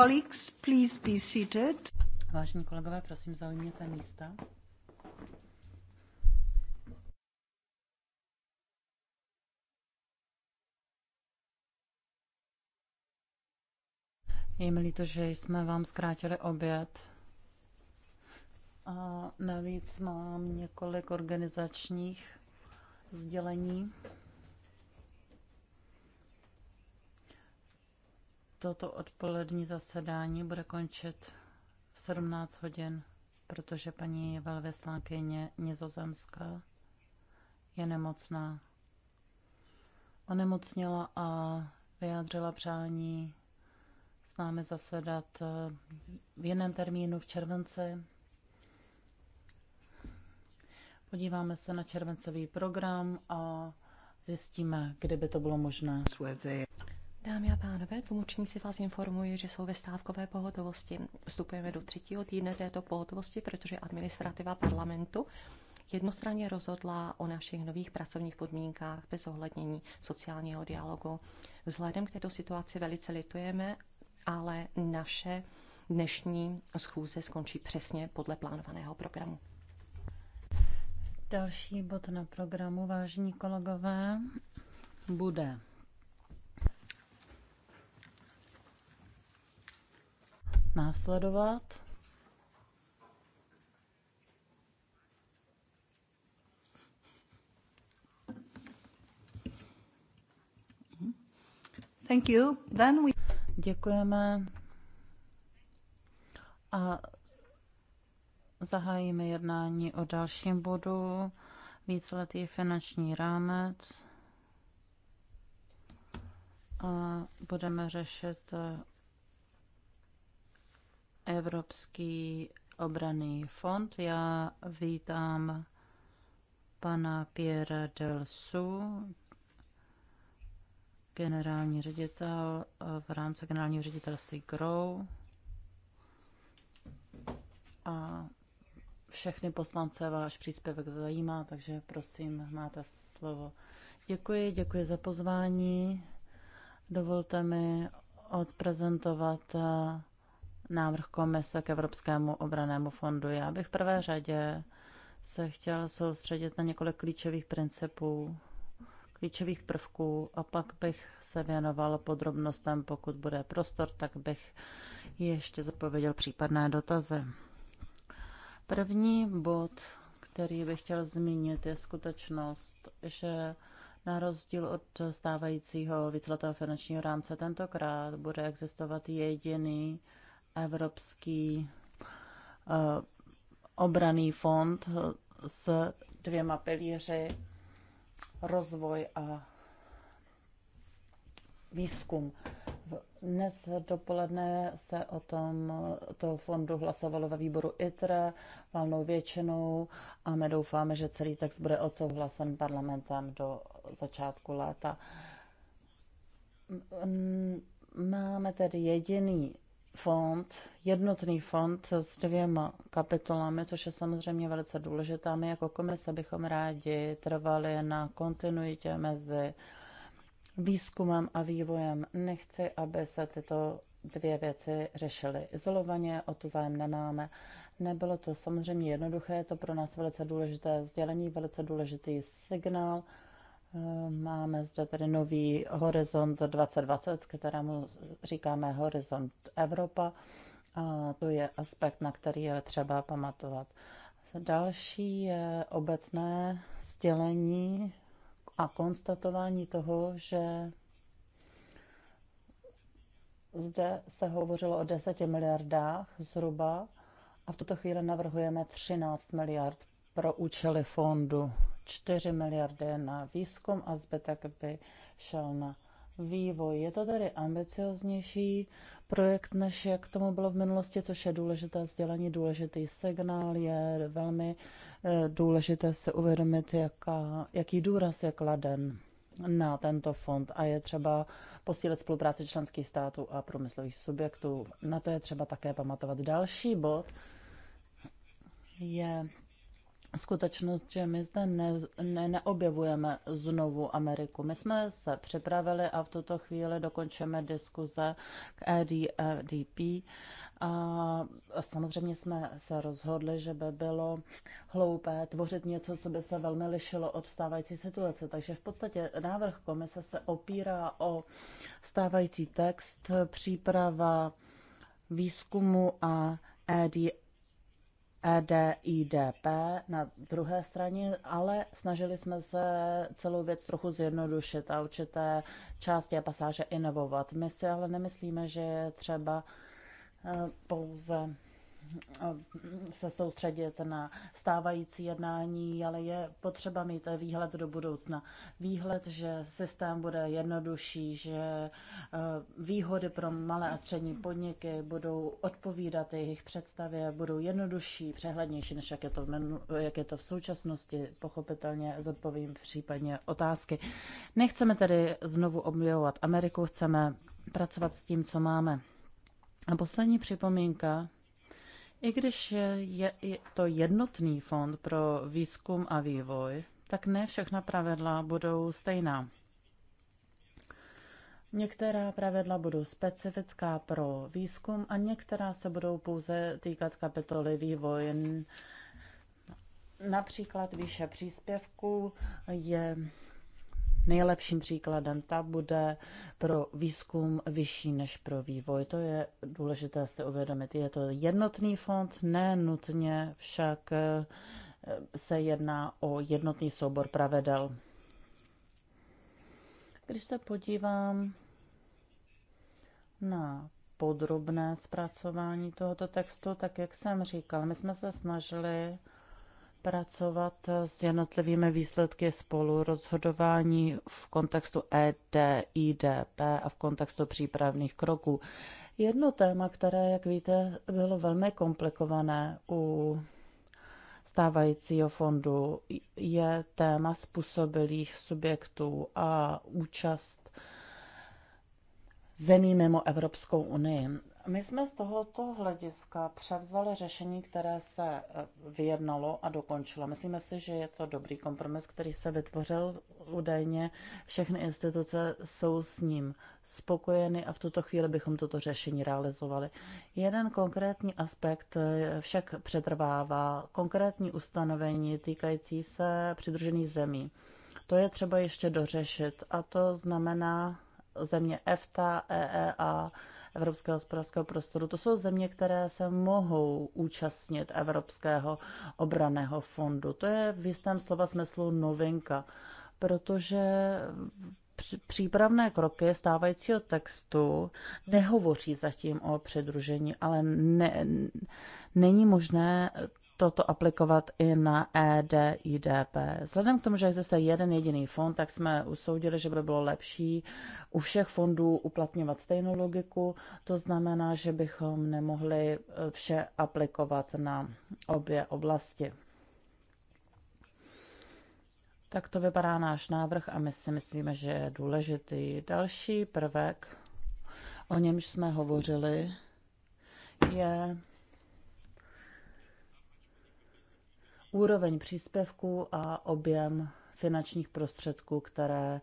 Colleagues, please be seated. Vážení kolegové, prosím, zaujměte místa. Je mi líto, že jsme vám zkrátili oběd. A navíc mám několik organizačních sdělení. Toto odpolední zasedání bude končit v 17 hodin, protože paní velvyslankyně Nizozemská je nemocná. Onemocněla a vyjádřila přání s námi zasedat eh, v jiném termínu v červenci. Podíváme se na červencový program a zjistíme, kdyby to bylo možné. Dámy a pánové, tlumočníci vás informují, že jsou ve stávkové pohotovosti. Vstupujeme do třetího týdne této pohotovosti, protože administrativa parlamentu jednostranně rozhodla o našich nových pracovních podmínkách bez ohlednění sociálního dialogu. Vzhledem k této situaci velice litujeme, ale naše dnešní schůze skončí přesně podle plánovaného programu. Další bod na programu, vážní kolegové, bude následovat. Thank you. Then we... Děkujeme. A zahájíme jednání o dalším bodu. Víceletý finanční rámec. A budeme řešit Evropský obraný fond. Já vítám pana Piera Delsu, generální ředitel v rámci generálního ředitelství GROW a všechny poslance váš příspěvek zajímá, takže prosím, máte slovo. Děkuji, děkuji za pozvání. Dovolte mi odprezentovat návrh komise k Evropskému obranému fondu. Já bych v prvé řadě se chtěl soustředit na několik klíčových principů, klíčových prvků a pak bych se věnoval podrobnostem, pokud bude prostor, tak bych ještě zapověděl případné dotazy. První bod, který bych chtěl zmínit, je skutečnost, že na rozdíl od stávajícího víceletého finančního rámce tentokrát bude existovat jediný Evropský eh, obraný fond s dvěma pilíři rozvoj a výzkum. Dnes dopoledne se o tom to fondu hlasovalo ve výboru ITRE valnou většinou a my doufáme, že celý text bude odsouhlasen parlamentem do začátku léta. Máme tedy jediný fond, jednotný fond s dvěma kapitolami, což je samozřejmě velice důležité. My jako komise bychom rádi trvali na kontinuitě mezi výzkumem a vývojem. Nechci, aby se tyto dvě věci řešily izolovaně, o to zájem nemáme. Nebylo to samozřejmě jednoduché, je to pro nás velice důležité sdělení, velice důležitý signál. Máme zde tedy nový Horizont 2020, kterému říkáme Horizont Evropa. A to je aspekt, na který je třeba pamatovat. Další je obecné sdělení a konstatování toho, že zde se hovořilo o 10 miliardách zhruba a v tuto chvíli navrhujeme 13 miliard pro účely fondu 4 miliardy na výzkum a zbytek by šel na vývoj. Je to tedy ambicioznější projekt, než jak tomu bylo v minulosti, což je důležité sdělení, důležitý signál. Je velmi eh, důležité se uvědomit, jaká, jaký důraz je kladen na tento fond a je třeba posílit spolupráci členských států a průmyslových subjektů. Na to je třeba také pamatovat. Další bod je skutečnost, že my zde ne, ne, neobjevujeme znovu Ameriku. My jsme se připravili a v tuto chvíli dokončíme diskuze k EDDP. A samozřejmě jsme se rozhodli, že by bylo hloupé tvořit něco, co by se velmi lišilo od stávající situace. Takže v podstatě návrh komise se opírá o stávající text, příprava výzkumu a EDA EDIDP na druhé straně, ale snažili jsme se celou věc trochu zjednodušit a určité části a pasáže inovovat. My si ale nemyslíme, že je třeba e, pouze se soustředit na stávající jednání, ale je potřeba mít výhled do budoucna. Výhled, že systém bude jednodušší, že eh, výhody pro malé a střední podniky budou odpovídat jejich představě, budou jednodušší, přehlednější, než jak je to v, menu, jak je to v současnosti. Pochopitelně zodpovím případně otázky. Nechceme tedy znovu objevovat Ameriku, chceme pracovat s tím, co máme. A poslední připomínka i když je, je to jednotný fond pro výzkum a vývoj, tak ne všechna pravidla budou stejná. Některá pravidla budou specifická pro výzkum a některá se budou pouze týkat kapitoly vývoj. Například výše příspěvků je Nejlepším příkladem ta bude pro výzkum vyšší než pro vývoj. To je důležité si uvědomit. Je to jednotný fond, ne nutně však eh, se jedná o jednotný soubor pravidel. Když se podívám na podrobné zpracování tohoto textu, tak jak jsem říkal, my jsme se snažili pracovat s jednotlivými výsledky spolu rozhodování v kontextu e IDP a v kontextu přípravných kroků. Jedno téma, které, jak víte, bylo velmi komplikované u stávajícího fondu, je téma způsobilých subjektů a účast zemí mimo Evropskou unii. My jsme z tohoto hlediska převzali řešení, které se eh, vyjednalo a dokončilo. Myslíme si, že je to dobrý kompromis, který se vytvořil údajně. Všechny instituce jsou s ním spokojeny a v tuto chvíli bychom toto řešení realizovali. Jeden konkrétní aspekt eh, však přetrvává konkrétní ustanovení týkající se přidružených zemí. To je třeba ještě dořešit a to znamená země EFTA, EEA, Evropského hospodářského prostoru. To jsou země, které se mohou účastnit Evropského obraného fondu. To je v jistém slova smyslu novinka, protože přípravné kroky stávajícího textu nehovoří zatím o přidružení, ale ne, není možné toto aplikovat i na EDIDP. Vzhledem k tomu, že existuje jeden jediný fond, tak jsme usoudili, že by bylo lepší u všech fondů uplatňovat stejnou logiku. To znamená, že bychom nemohli eh, vše aplikovat na obě oblasti. Tak to vypadá náš návrh a my si myslíme, že je důležitý další prvek, o němž jsme hovořili, je úroveň příspěvků a objem finančních prostředků, které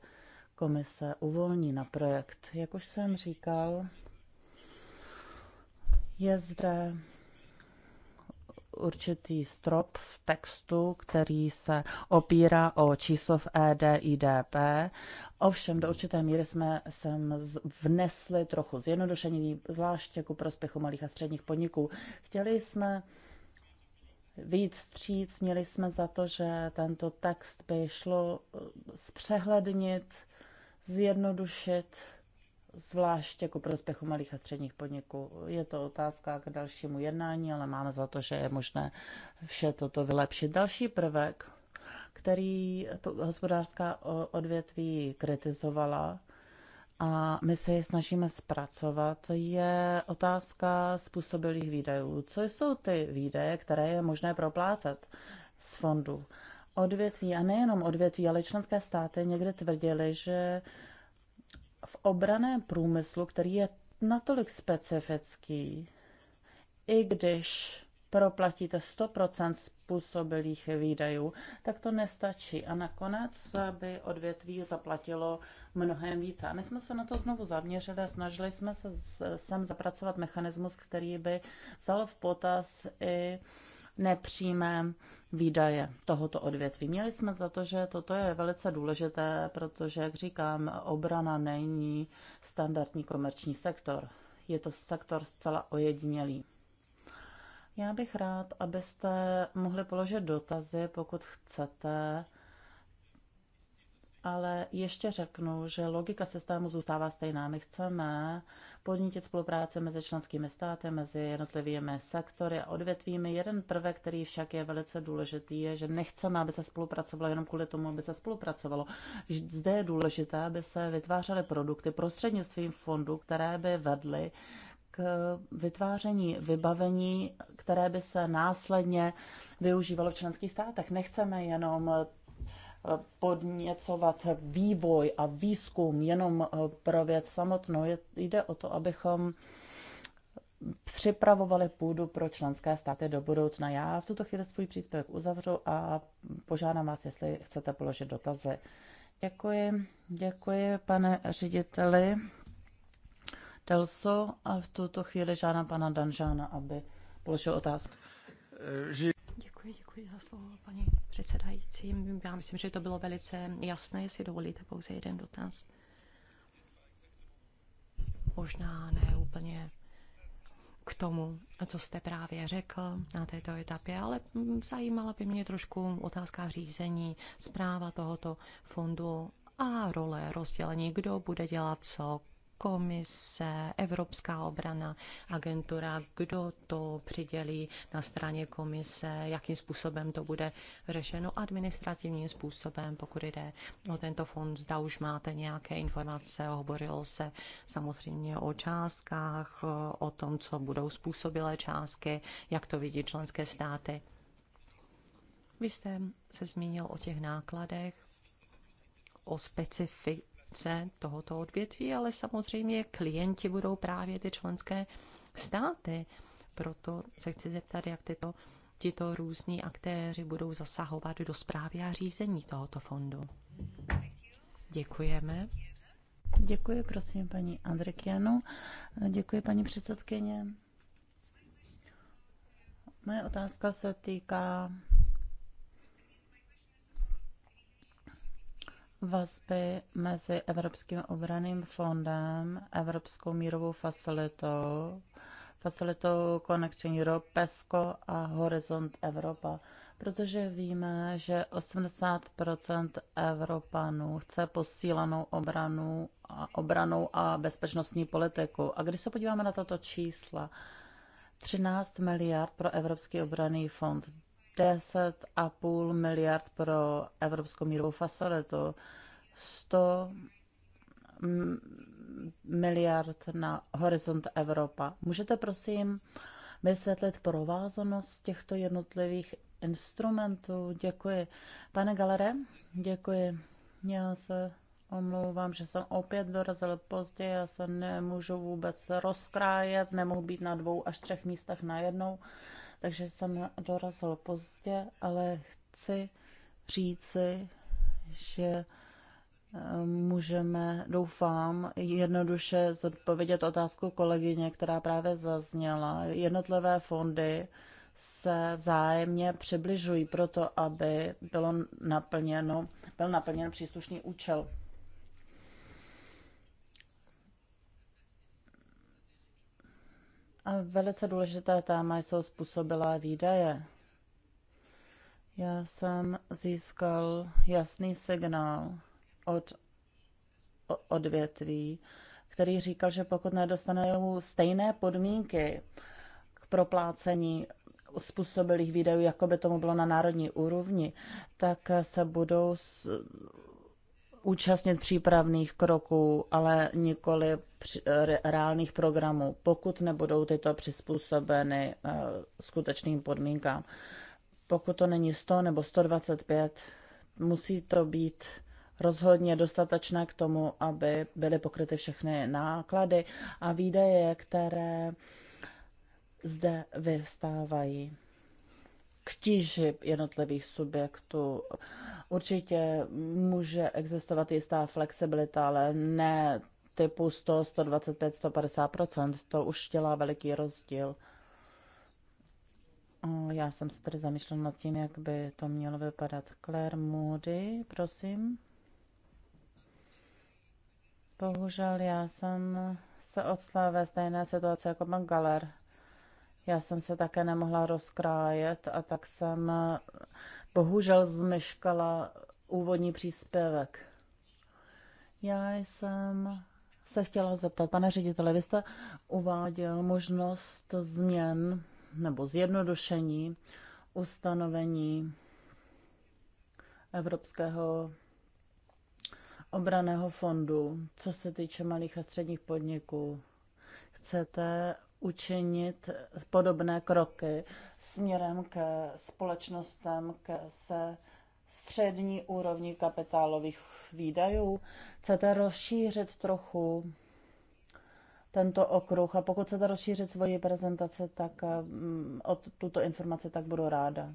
komise uvolní na projekt. Jak už jsem říkal, je zde určitý strop v textu, který se opírá o číslo v EDIDP. Ovšem, do určité míry jsme sem vnesli trochu zjednodušení, zvláště ku prospěchu malých a středních podniků. Chtěli jsme víc stříc. Měli jsme za to, že tento text by šlo eh, zpřehlednit, zjednodušit, zvlášť jako prospěchu malých a středních podniků. Je to otázka k dalšímu jednání, ale máme za to, že je možné vše toto vylepšit. Další prvek, který hospodářská odvětví kritizovala, a my se je snažíme zpracovat, je otázka způsobilých výdajů. Co jsou ty výdaje, které je možné proplácet z fondu? Odvětví, a nejenom odvětví, ale členské státy někdy tvrdili, že v obraném průmyslu, který je natolik specifický, i když proplatíte 100% způsobilých výdajů, tak to nestačí. A nakonec by odvětví zaplatilo mnohem více. A my jsme se na to znovu zaměřili a snažili jsme se sem zapracovat mechanismus, který by vzal v potaz i nepřímé výdaje tohoto odvětví. Měli jsme za to, že toto je velice důležité, protože, jak říkám, obrana není standardní komerční sektor. Je to sektor zcela ojedinělý. Já bych rád, abyste mohli položit dotazy, pokud chcete, ale ještě řeknu, že logika systému zůstává stejná. My chceme podnítit spolupráci mezi členskými státy, mezi jednotlivými sektory a odvětvími. Jeden prvek, který však je velice důležitý, je, že nechceme, aby se spolupracovalo jenom kvůli tomu, aby se spolupracovalo. Zde je důležité, aby se vytvářely produkty prostřednictvím fondů, které by vedly k vytváření vybavení, které by se následně využívalo v členských státech. Nechceme jenom eh, podněcovat vývoj a výzkum jenom eh, pro věc samotnou. Jde o to, abychom připravovali půdu pro členské státy do budoucna. Já v tuto chvíli svůj příspěvek uzavřu a požádám vás, jestli chcete položit dotazy. Děkuji, děkuji, pane řediteli. Delso a v tuto chvíli žádám pana Danžána, aby položil otázku. Děkuji, děkuji za slovo, paní předsedající. Já myslím, že to bylo velice jasné, jestli dovolíte pouze jeden dotaz. Možná ne úplně k tomu, co jste právě řekl na této etapě, ale zajímala by mě trošku otázka řízení, zpráva tohoto fondu a role rozdělení, kdo bude dělat co, komise, Evropská obrana agentura, kdo to přidělí na straně komise, jakým způsobem to bude řešeno administrativním způsobem, pokud jde o tento fond, zda už máte nějaké informace, hovorilo se samozřejmě o částkách, o tom, co budou způsobilé částky, jak to vidí členské státy. Vy jste se zmínil o těch nákladech, o specifi- výrobce tohoto odvětví, ale samozřejmě klienti budou právě ty členské státy. Proto se chci zeptat, jak tyto, tyto různí aktéři budou zasahovat do zprávy a řízení tohoto fondu. Děkujeme. Děkuji, prosím, paní Andrekianu. Děkuji, paní předsedkyně. Moje otázka se týká vazby mezi Evropským obraným fondem, Evropskou mírovou facilitou, facilitou Connection Europe, PESCO a Horizont Evropa. Protože víme, že 80 Evropanů chce posílanou obranu a, obranou a bezpečnostní politiku. A když se podíváme na tato čísla, 13 miliard pro Evropský obraný fond, 10,5 miliard pro Evropskou mírovou facilitu, 100 miliard na Horizont Evropa. Můžete prosím vysvětlit provázanost těchto jednotlivých instrumentů? Děkuji. Pane Galere, děkuji. Já se omlouvám, že jsem opět dorazil pozdě, já se nemůžu vůbec rozkrájet, nemohu být na dvou až třech místech najednou. jednou takže jsem dorazil pozdě, ale chci říci, že eh, můžeme, doufám, jednoduše zodpovědět otázku kolegyně, která právě zazněla. Jednotlivé fondy se vzájemně přibližují proto, aby bylo naplněno, byl naplněn příslušný účel. A velice důležité téma jsou způsobilé výdaje. Já jsem získal jasný signál od odvětví, který říkal, že pokud nedostanou stejné podmínky k proplácení způsobilých výdajů, jako by tomu bylo na národní úrovni, tak se budou s, účastnit přípravných kroků, ale nikoli Eh, reálných programů, pokud nebudou tyto přizpůsobeny eh, skutečným podmínkám. Pokud to není 100 nebo 125, musí to být rozhodně dostatečné k tomu, aby byly pokryty všechny náklady a výdaje, které zde vyvstávají k tíži jednotlivých subjektů. Určitě může existovat jistá flexibilita, ale ne typu 100, 125, 150 To už dělá veliký rozdíl. Já jsem se tedy zamýšlela nad tím, jak by to mělo vypadat. Claire Moody, prosím. Bohužel já jsem se odstala ve stejné situaci jako pan Galer. Já jsem se také nemohla rozkrájet a tak jsem bohužel zmeškala úvodní příspěvek. Já jsem se chtěla zeptat. Pane řediteli, vy jste uváděl možnost změn nebo zjednodušení ustanovení Evropského obraného fondu, co se týče malých a středních podniků. Chcete učinit podobné kroky směrem ke společnostem, ke se střední úrovni kapitálových výdajů. Chcete rozšířit trochu tento okruh a pokud chcete rozšířit svoji prezentaci, tak mm, od tuto informaci tak budu ráda.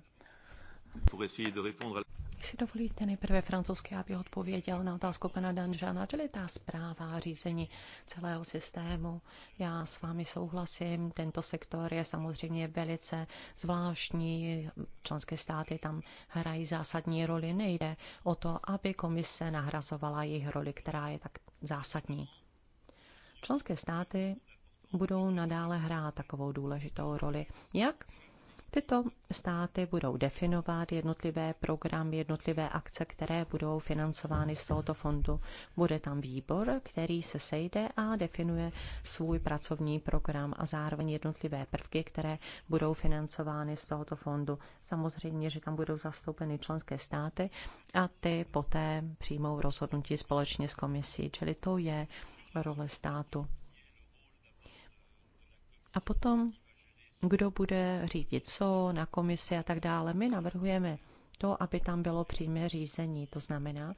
Jestli dovolíte, nejprve francouzsky, bych odpověděl na otázku pana Danžana, čili ta zpráva řízení celého systému. Já s vámi souhlasím, tento sektor je samozřejmě velice zvláštní, členské státy tam hrají zásadní roli, nejde o to, aby komise nahrazovala jejich roli, která je tak zásadní. Členské státy budou nadále hrát takovou důležitou roli. Jak? Tyto státy budou definovat jednotlivé programy, jednotlivé akce, které budou financovány z tohoto fondu. Bude tam výbor, který se sejde a definuje svůj pracovní program a zároveň jednotlivé prvky, které budou financovány z tohoto fondu. Samozřejmě, že tam budou zastoupeny členské státy a ty poté přijmou rozhodnutí společně s komisí, čili to je role státu. A potom kdo bude řídit co na komisi a tak dále. My navrhujeme to, aby tam bylo přímé řízení. To znamená,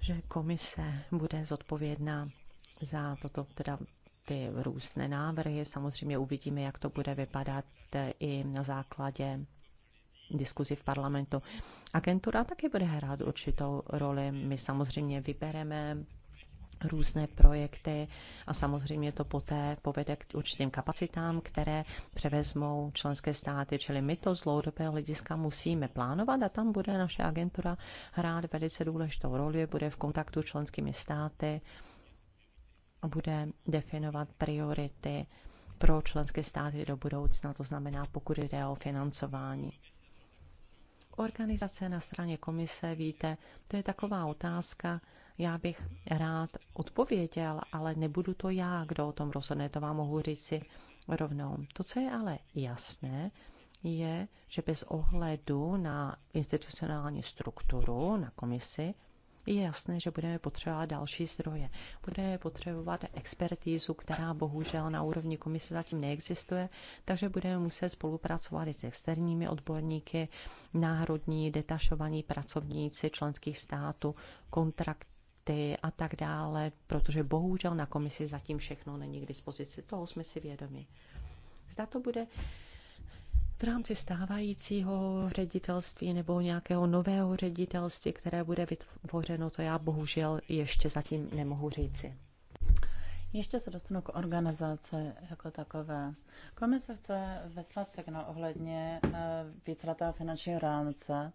že komise bude zodpovědná za toto, teda ty různé návrhy. Samozřejmě uvidíme, jak to bude vypadat eh, i na základě diskuzi v parlamentu. Agentura taky bude hrát určitou roli. My samozřejmě vybereme různé projekty a samozřejmě to poté povede k určitým kapacitám, které převezmou členské státy, čili my to z dlouhodobého hlediska musíme plánovat a tam bude naše agentura hrát velice důležitou roli, bude v kontaktu s členskými státy a bude definovat priority pro členské státy do budoucna, to znamená pokud jde o financování organizace na straně komise, víte, to je taková otázka, já bych rád odpověděl, ale nebudu to já, kdo o tom rozhodne, to vám mohu říci rovnou. To, co je ale jasné, je, že bez ohledu na institucionální strukturu, na komisi, je jasné, že budeme potřebovat další zdroje. Budeme potřebovat expertízu, která bohužel na úrovni komise zatím neexistuje, takže budeme muset spolupracovat i s externími odborníky, národní, detašovaní pracovníci členských států, kontrakt lhuty a tak dále, protože bohužel na komisi zatím všechno není k dispozici. Toho jsme si vědomi. Zda to bude v rámci stávajícího ředitelství nebo nějakého nového ředitelství, které bude vytvořeno, to já bohužel ještě zatím nemohu říci. Ještě se dostanu k organizaci jako takové. Komise chce vyslat signál ohledně eh, víceletého finančního rámce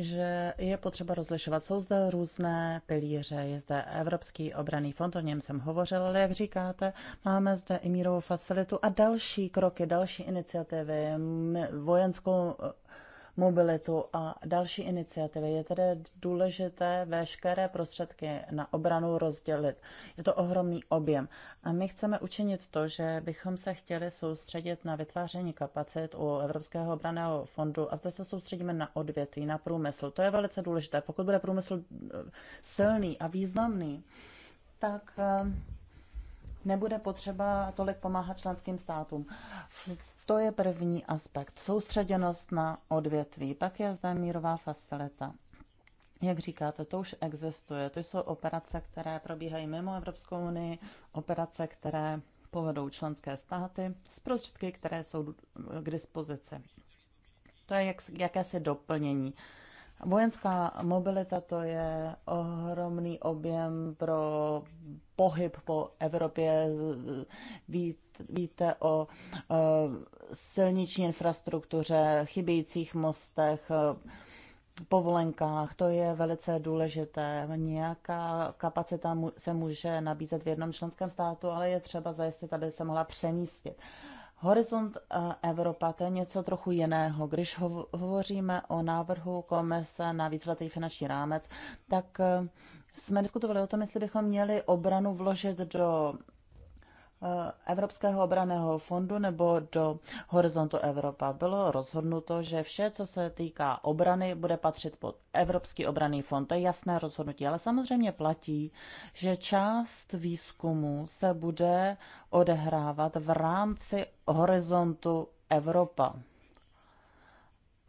že je potřeba rozlišovat. Jsou zde různé pilíře, je zde Evropský obraný fond, o něm jsem hovořil, ale jak říkáte, máme zde i mírovou facilitu a další kroky, další iniciativy, vojenskou mobilitu a další iniciativy. Je tedy důležité veškeré prostředky na obranu rozdělit. Je to ohromný objem. A my chceme učinit to, že bychom se chtěli soustředit na vytváření kapacit u Evropského obraného fondu a zde se soustředíme na odvětví, na průmysl. To je velice důležité. Pokud bude průmysl eh, silný a významný, tak eh, nebude potřeba tolik pomáhat členským státům. V to je první aspekt. Soustředěnost na odvětví. Pak je zde mírová facilita. Jak říkáte, to už existuje. To jsou operace, které probíhají mimo Evropskou unii, operace, které povedou členské státy s prostředky, které jsou k dispozici. To je jak, jakési doplnění. Vojenská mobilita to je ohromný objem pro pohyb po Evropě. vít, víte o eh, silniční infrastruktuře, chybějících mostech, eh, povolenkách, to je velice důležité. Nějaká kapacita se může nabízet v jednom členském státu, ale je třeba zajistit, aby se mohla přemístit. Horizont eh, Evropa to je něco trochu jiného. Když hovoříme o návrhu komise na víceletý finanční rámec, tak jsme diskutovali o tom, jestli bychom měli obranu vložit do eh, Evropského obraného fondu nebo do Horizontu Evropa. Bylo rozhodnuto, že vše, co se týká obrany, bude patřit pod Evropský obraný fond. To je jasné rozhodnutí, ale samozřejmě platí, že část výzkumu se bude odehrávat v rámci Horizontu Evropa.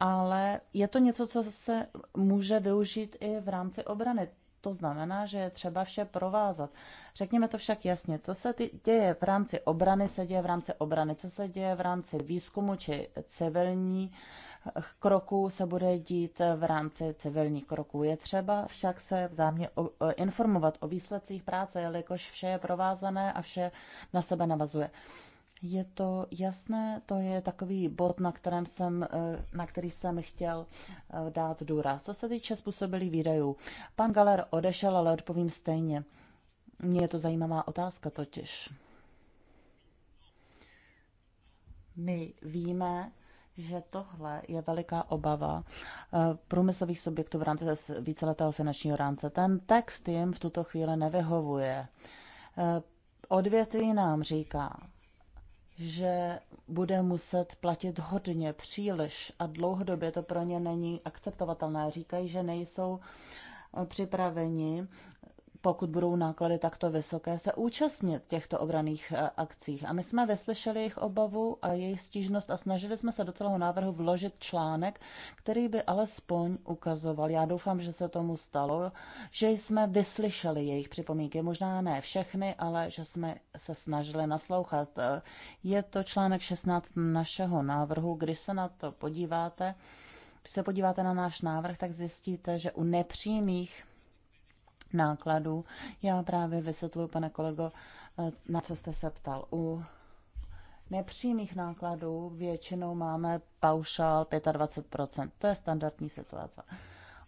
Ale je to něco, co se může využít i v rámci obrany. To znamená, že je třeba vše provázat. Řekněme to však jasně. Co se děje v rámci obrany, se děje v rámci obrany. Co se děje v rámci výzkumu či civilní eh, kroků, se bude dít eh, v rámci civilních kroků. Je třeba však se vzájemně informovat o výsledcích práce, jelikož vše je provázané a vše na sebe navazuje. Je to jasné, to je takový bod, na, kterém jsem, eh, na který jsem chtěl eh, dát důraz. Co se týče způsobilých výdajů, pan Galer odešel, ale odpovím stejně. Mně je to zajímavá otázka totiž. My víme, že tohle je veliká obava eh, průmyslových subjektů v rámci víceletého finančního rámce. Ten text jim v tuto chvíli nevyhovuje. Odvětví nám říká, že bude muset platit hodně, příliš a dlouhodobě to pro ně není akceptovatelné. Říkají, že nejsou připraveni pokud budou náklady takto vysoké, se účastnit těchto obraných eh, akcích. A my jsme vyslyšeli jejich obavu a jejich stížnost a snažili jsme se do celého návrhu vložit článek, který by alespoň ukazoval, já doufám, že se tomu stalo, že jsme vyslyšeli jejich připomínky, možná ne všechny, ale že jsme se snažili naslouchat. Eh, je to článek 16 našeho návrhu, když se na to podíváte, když se podíváte na náš návrh, tak zjistíte, že u nepřímých nákladů. Já právě vysvětluji, pane kolego, na co jste se ptal. U nepřímých nákladů většinou máme paušál 25%. To je standardní situace.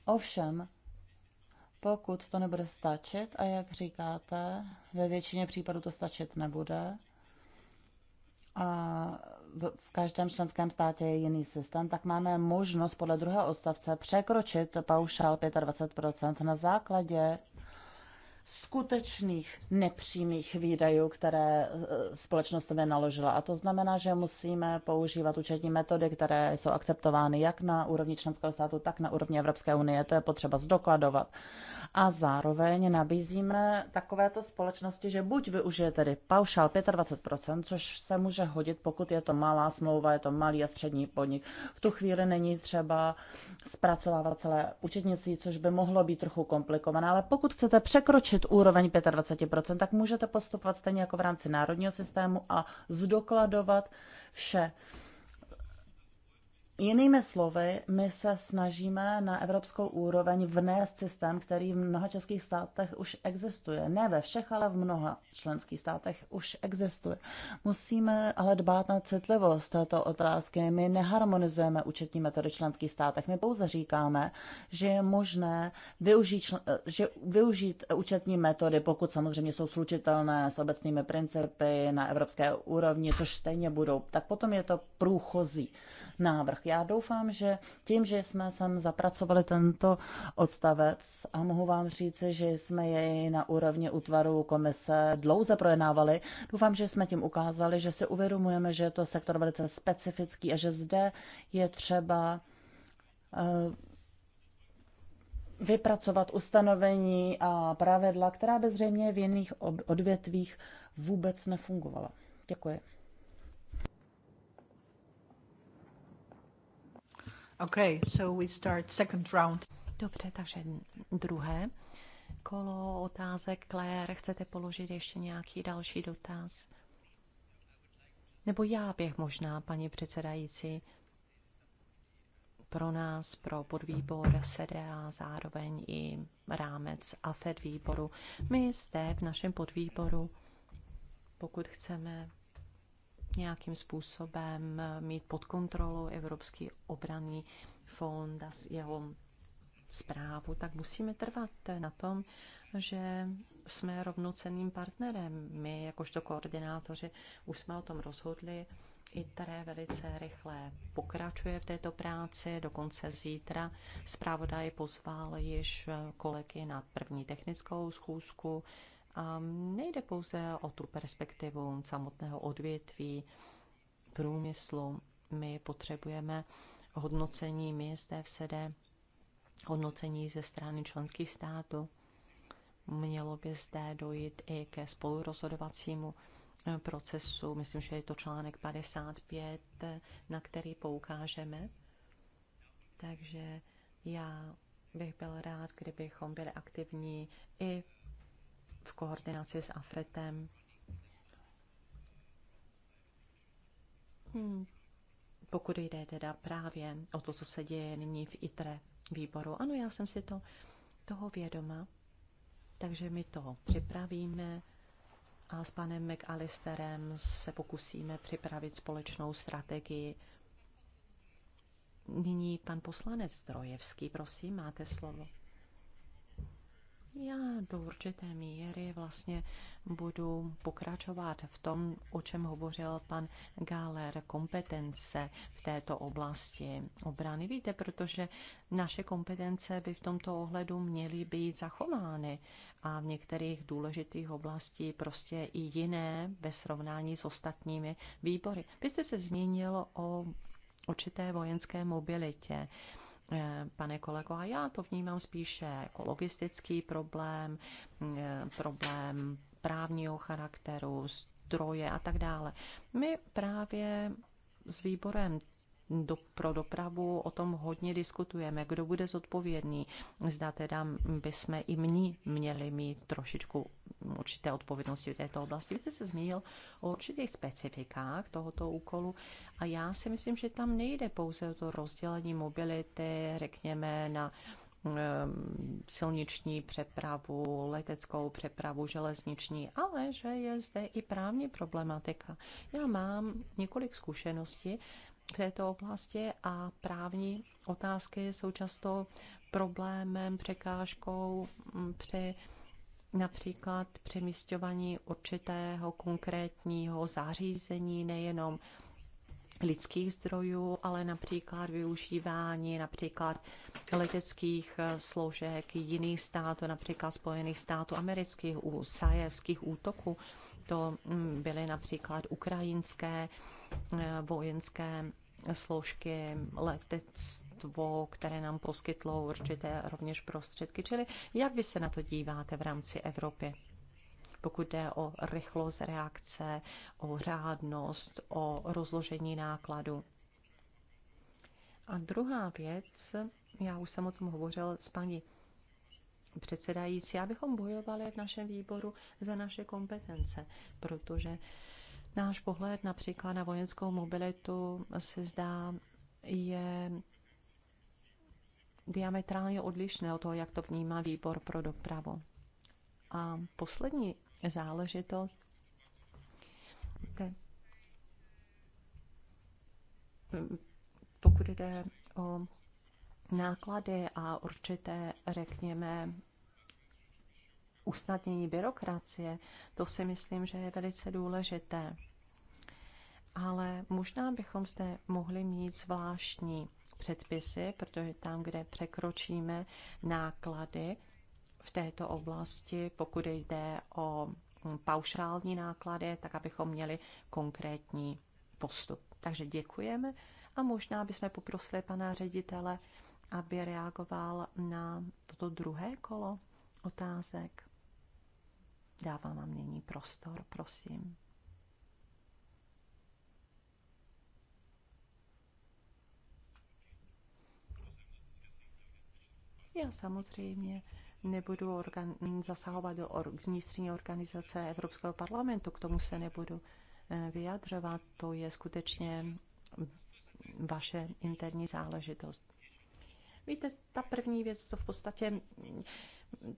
Ovšem, pokud to nebude stačit, a jak říkáte, ve většině případů to stačit nebude, a v každém členském státě je jiný systém, tak máme možnost podle druhého odstavce překročit paušál 25 na základě skutečných nepřímých výdajů, které eh, společnost naložila. A to znamená, že musíme používat účetní metody, které jsou akceptovány jak na úrovni členského státu, tak na úrovni Evropské unie. To je potřeba zdokladovat. A zároveň nabízíme takovéto společnosti, že buď využije tedy paušál 25%, což se může hodit, pokud je to malá smlouva, je to malý a střední podnik. V tu chvíli není třeba zpracovávat celé účetnictví, což by mohlo být trochu komplikované, ale pokud chcete překročit zvýšit úroveň 25%, tak můžete postupovat stejně jako v rámci národního systému a zdokladovat vše. Jinými slovy, my se snažíme na evropskou úroveň vnést systém, který v mnoha českých státech už existuje. Ne ve všech, ale v mnoha členských státech už existuje. Musíme ale dbát na citlivost této otázky. My neharmonizujeme účetní metody členských státech. My pouze říkáme, že je možné využít, čl... že využít účetní metody, pokud samozřejmě jsou slučitelné s obecnými principy na evropské úrovni, což stejně budou, tak potom je to průchozí návrh. Já doufám, že tím, že jsme sem zapracovali tento odstavec a mohu vám říct, že jsme jej na úrovni útvaru komise dlouze projednávali, doufám, že jsme tím ukázali, že si uvědomujeme, že je to sektor velice specifický a že zde je třeba eh, vypracovat ustanovení a pravidla, která by zřejmě v jiných odvětvích vůbec nefungovala. Děkuji. Okay, so we start second round. Dobře, takže druhé kolo otázek. Claire, chcete položit ještě nějaký další dotaz? Nebo já bych možná, paní předsedající, pro nás, pro podvýbor SEDE a zároveň i rámec AFED výboru. My zde v našem podvýboru, pokud chceme nějakým způsobem eh, mít pod kontrolou Evropský obranný fond a jeho zprávu, tak musíme trvat na tom, že jsme rovnocenným partnerem. My, jakožto koordinátoři, už jsme o tom rozhodli. ITRE velice rychle pokračuje v této práci, dokonce zítra. Zpravodaj pozval již eh, kolegy na první technickou schůzku a nejde pouze o tu perspektivu samotného odvětví, průmyslu. My potřebujeme hodnocení měst FSD, hodnocení ze strany členských států. Mělo by zde dojít i ke spolurozhodovacímu eh, procesu. Myslím, že je to článek 55, eh, na který poukážeme. Takže já bych byl rád, kdybychom byli aktivní i v koordinaci s Afretem, Hmm. Pokud jde teda právě o to, co se děje nyní v ITRE výboru, ano, já jsem si to toho vědoma, takže my to připravíme a s panem McAllisterem se pokusíme připravit společnou strategii. Nyní pan poslanec Zdrojevský, prosím, máte slovo. Já do určité míry vlastně budu pokračovat v tom, o čem hovořil pan Gáler, kompetence v této oblasti obrany. Víte, protože naše kompetence by v tomto ohledu měly být zachovány a v některých důležitých oblastí prostě i jiné ve srovnání s ostatními výbory. Vy jste se zmínil o určité vojenské mobilitě. Eh, pane kolego, a já to vnímám spíše jako logistický problém, eh, problém právního charakteru, stroje a tak dále. My právě s výborem do, pro dopravu o tom hodně diskutujeme, kdo bude zodpovědný. Zda teda bychom i my měli mít trošičku určité odpovědnosti v této oblasti. Vy jste se zmínil o určitých specifikách tohoto úkolu a já si myslím, že tam nejde pouze o to rozdělení mobility, řekněme, na silniční přepravu, leteckou přepravu, železniční, ale že je zde i právní problematika. Já mám několik zkušeností v této oblasti a právní otázky jsou často problémem, překážkou mm, při například přemístování určitého konkrétního zařízení, nejenom lidských zdrojů, ale například využívání například leteckých eh, složek jiných států, například Spojených států amerických, u sajevských útoků. To mm, byly například ukrajinské eh, vojenské složky, letectvo, které nám poskytlo určité rovněž prostředky. Čili jak vy se na to díváte v rámci Evropy? pokud jde o rychlost reakce, o řádnost, o rozložení nákladu. A druhá věc, já už jsem o tom hovořil s paní předsedající, abychom bojovali v našem výboru za naše kompetence, protože náš pohled například na vojenskou mobilitu se zdá je diametrálně odlišné od toho, jak to vnímá výbor pro dopravu. A poslední záležitost. Pokud jde o náklady a určité, řekněme, usnadnění byrokracie, to si myslím, že je velice důležité. Ale možná bychom zde mohli mít zvláštní předpisy, protože tam, kde překročíme náklady, v této oblasti, pokud jde o paušální náklady, tak abychom měli konkrétní postup. Takže děkujeme a možná bychom poprosili pana ředitele, aby reagoval na toto druhé kolo otázek. Dávám vám nyní prostor, prosím. Já samozřejmě nebudu organ, zasahovat do or, vnitřní organizace Evropského parlamentu, k tomu se nebudu eh, vyjadřovat, to je skutečně vaše interní záležitost. Víte, ta první věc, co v podstatě,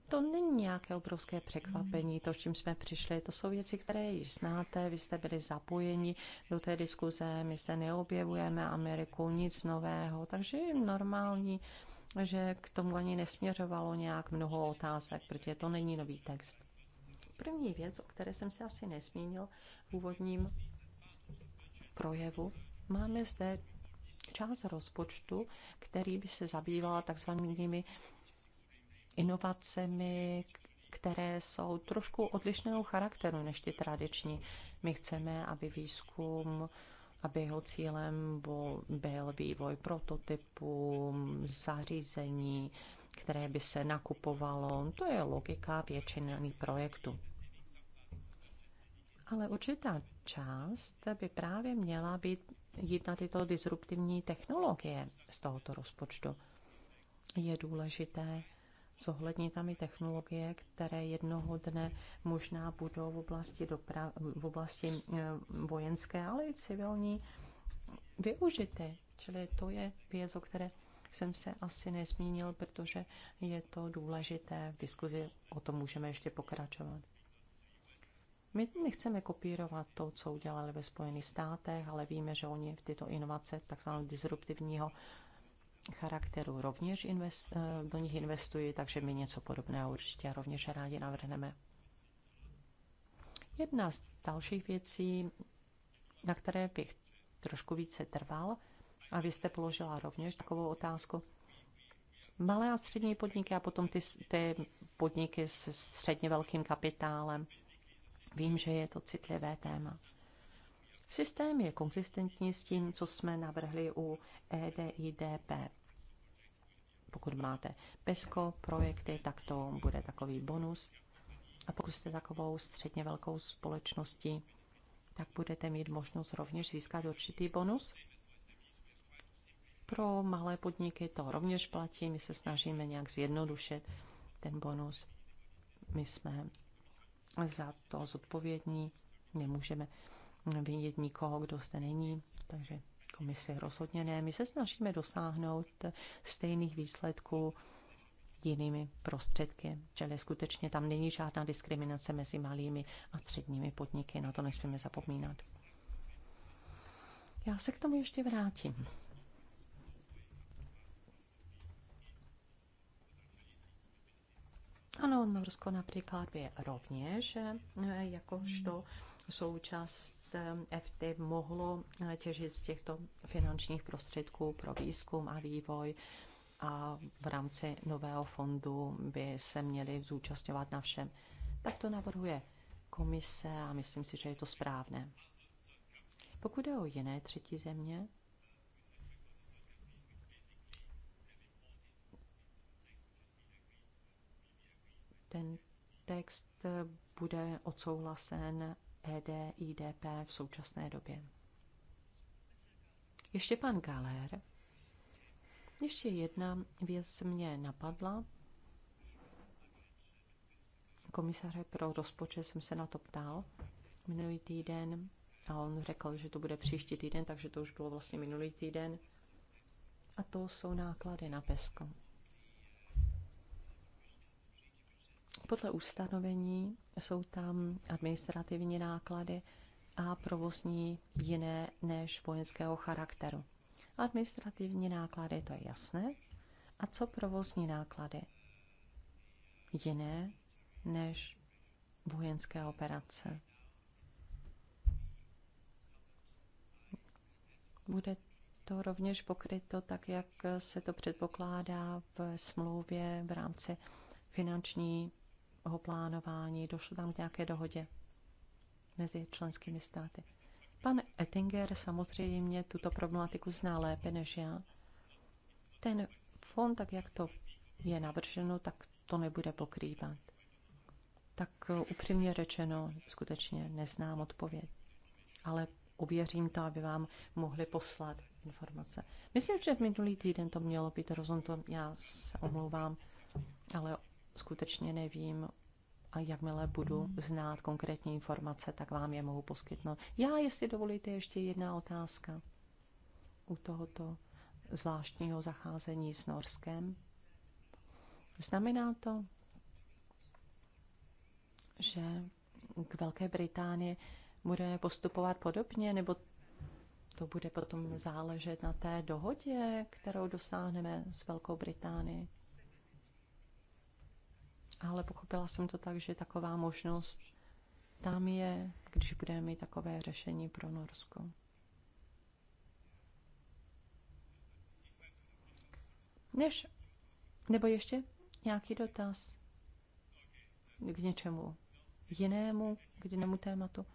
to není nějaké obrovské překvapení, to, s čím jsme přišli, to jsou věci, které již znáte, vy jste byli zapojeni do té diskuze, my se neobjevujeme Ameriku, nic nového, takže je normální, že k tomu ani nesměřovalo nějak mnoho otázek, protože to není nový text. První věc, o které jsem se asi nesmínil v úvodním projevu, máme zde část rozpočtu, který by se zabýval takzvanými inovacemi, které jsou trošku odlišného charakteru než ty tradiční. My chceme, aby výzkum aby jeho cílem byl vývoj prototypu, zařízení, které by se nakupovalo. To je logika většiny projektu. Ale určitá část by právě měla být jít na tyto disruptivní technologie z tohoto rozpočtu. Je důležité zohlednit tam i technologie, které jednoho dne možná budou v oblasti, dopra- v oblasti eh, vojenské, ale i civilní využity. Čili to je věc, o které jsem se asi nezmínil, protože je to důležité. V diskuzi o tom můžeme ještě pokračovat. My nechceme kopírovat to, co udělali ve Spojených státech, ale víme, že oni v tyto inovace takzvaného disruptivního charakteru rovněž invest, eh, do nich investují, takže my něco podobného určitě rovněž rádi navrhneme. Jedna z dalších věcí, na které bych trošku více trval, a vy jste položila rovněž takovou otázku, malé a střední podniky a potom ty, ty podniky s středně velkým kapitálem. Vím, že je to citlivé téma. Systém je konzistentní s tím, co jsme navrhli u EDIDP. Pokud máte PESCO projekty, tak to bude takový bonus. A pokud jste takovou středně velkou společností, tak budete mít možnost rovněž získat určitý bonus. Pro malé podniky to rovněž platí. My se snažíme nějak zjednodušit ten bonus. My jsme za to zodpovědní. Nemůžeme vidět nikoho, kdo zde není, takže komise rozhodně ne. My se snažíme dosáhnout stejných výsledků jinými prostředky, čili skutečně tam není žádná diskriminace mezi malými a středními podniky, na to nesmíme zapomínat. Já se k tomu ještě vrátím. Ano, Norsko například je rovněž eh, jakožto součást FT mohlo těžit z těchto finančních prostředků pro výzkum a vývoj a v rámci nového fondu by se měli zúčastňovat na všem. Tak to navrhuje komise a myslím si, že je to správné. Pokud jde o jiné třetí země, ten text bude odsouhlasen EDIDP v současné době. Ještě pan Galer. Ještě jedna věc mě napadla. Komisaře pro rozpočet jsem se na to ptal minulý týden a on řekl, že to bude příští týden, takže to už bylo vlastně minulý týden. A to jsou náklady na pesko. Podle ustanovení jsou tam administrativní náklady a provozní jiné než vojenského charakteru. Administrativní náklady, to je jasné. A co provozní náklady? Jiné než vojenské operace. Bude to rovněž pokryto tak, jak se to předpokládá v smlouvě v rámci finanční toho plánování, došlo tam k nějaké dohodě mezi členskými státy. Pan Ettinger samozřejmě tuto problematiku zná lépe než já. Ten fond, tak jak to je navrženo, tak to nebude pokrývat. Tak upřímně řečeno, skutečně neznám odpověď. Ale uvěřím to, aby vám mohli poslat informace. Myslím, že v minulý týden to mělo být rozhodnuto, já se omlouvám, ale skutečně nevím a jakmile budu hmm. znát konkrétní informace, tak vám je mohu poskytnout. Já, jestli dovolíte, ještě jedna otázka u tohoto zvláštního zacházení s Norskem. Znamená to, že k Velké Británii budeme postupovat podobně, nebo to bude potom záležet na té dohodě, kterou dosáhneme s Velkou Británií? ale pochopila jsem to tak, že taková možnost tam je, když budeme mít takové řešení pro Norsko. Než, nebo ještě nějaký dotaz k něčemu jinému, k jinému tématu.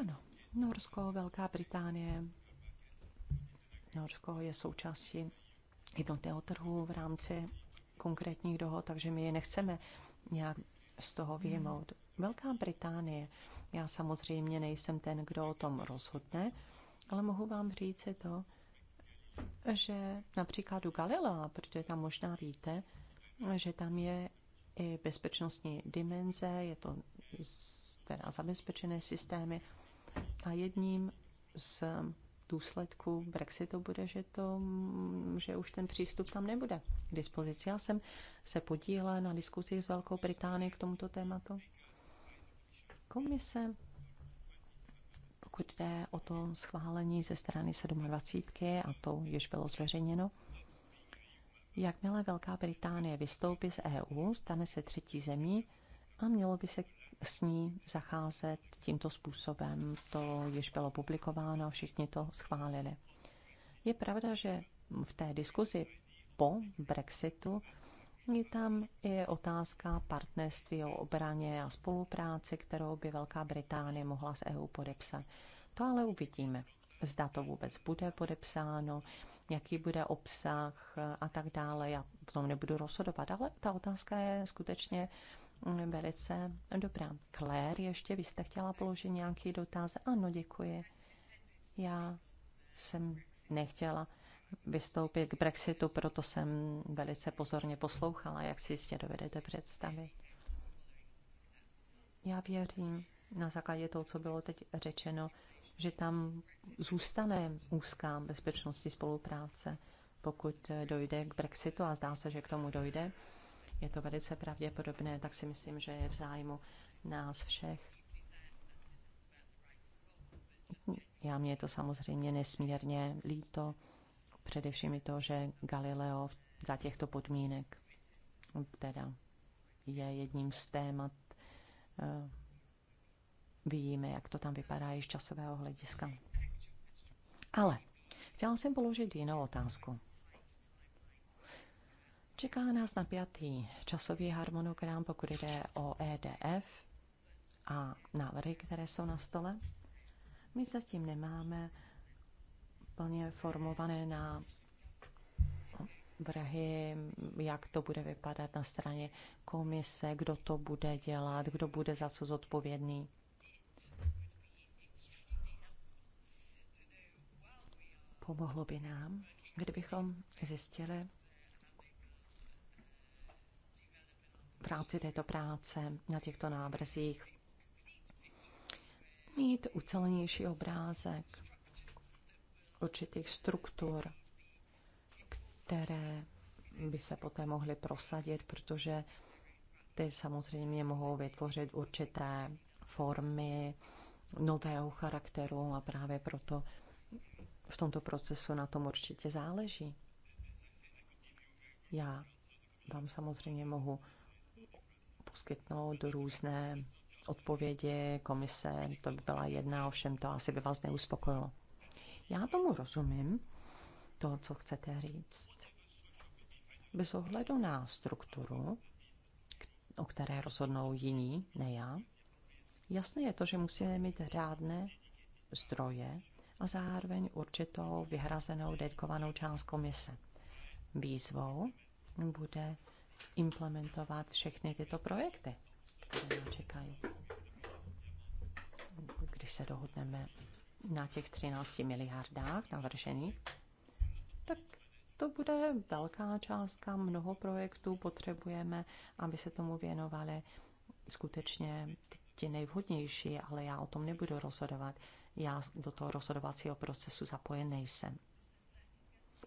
Ano, Norsko, Velká Británie, Norsko je součástí jednotného trhu v rámci konkrétních dohod, takže my je nechceme nějak z toho hmm. vyjmout. Velká Británie, já samozřejmě nejsem ten, kdo o tom rozhodne, ale mohu vám říct si to, že například u Galilea, protože tam možná víte, že tam je i bezpečnostní dimenze, je to teda zabezpečené systémy a jedním z důsledku Brexitu bude, že, to, že už ten přístup tam nebude k dispozici. Já jsem se podílela na diskusi s Velkou Británií k tomuto tématu. Komise, pokud jde o to schválení ze strany 27, a to již bylo zveřejněno, jakmile Velká Británie vystoupí z EU, stane se třetí zemí a mělo by se s ní zacházet tímto způsobem. To již bylo publikováno a všichni to schválili. Je pravda, že v té diskuzi po Brexitu je tam i otázka partnerství o obraně a spolupráci, kterou by Velká Británie mohla s EU podepsat. To ale uvidíme. Zda to vůbec bude podepsáno, jaký bude obsah a tak dále. Já o tom nebudu rozhodovat, ale ta otázka je skutečně velice dobrá. Claire, ještě vy jste chtěla položit nějaký dotaz? Ano, děkuji. Já jsem nechtěla vystoupit k Brexitu, proto jsem velice pozorně poslouchala, jak si jistě dovedete představit. Já věřím na základě toho, co bylo teď řečeno, že tam zůstane úzká bezpečnosti spolupráce, pokud dojde k Brexitu a zdá se, že k tomu dojde je to velice pravděpodobné, tak si myslím, že je v zájmu nás všech. Já mě je to samozřejmě nesmírně líto, především i to, že Galileo za těchto podmínek teda je jedním z témat. Eh, Vidíme, jak to tam vypadá i z časového hlediska. Ale chtěla jsem položit jinou otázku. Čeká nás napjatý časový harmonogram, pokud jde o EDF a návrhy, které jsou na stole. My zatím nemáme plně formované na vrhy, jak to bude vypadat na straně komise, kdo to bude dělat, kdo bude za co zodpovědný. Pomohlo by nám, kdybychom zjistili, v rámci této práce na těchto návrzích mít ucelenější obrázek určitých struktur, které by se poté mohly prosadit, protože ty samozřejmě mohou vytvořit určité formy nového charakteru a právě proto v tomto procesu na tom určitě záleží. Já vám samozřejmě mohu poskytnout různé odpovědi komise, to by byla jedna, ovšem to asi by vás neuspokojilo. Já tomu rozumím, to, co chcete říct. Bez ohledu na strukturu, o které rozhodnou jiní, ne já, jasné je to, že musíme mít řádné zdroje a zároveň určitou vyhrazenou dedikovanou část komise. Výzvou bude implementovat všechny tyto projekty, které nás čekají. Když se dohodneme na těch 13 miliardách navržených, tak to bude velká částka, mnoho projektů potřebujeme, aby se tomu věnovali skutečně ti nejvhodnější, ale já o tom nebudu rozhodovat. Já do toho rozhodovacího procesu zapojen nejsem.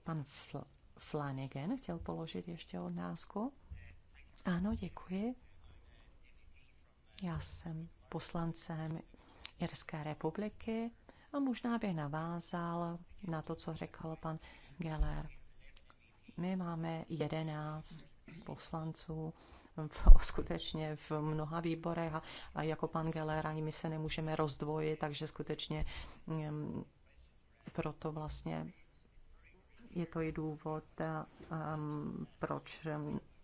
Pan Fl- Flanagan chtěl položit ještě otázku. Ano, děkuji. Já jsem poslancem Jirské republiky a možná bych navázal na to, co řekl pan Geller. My máme jedenáct poslanců v, skutečně v mnoha výborech a, a jako pan Geller ani my se nemůžeme rozdvojit, takže skutečně m, mm, proto vlastně je to i důvod, um, proč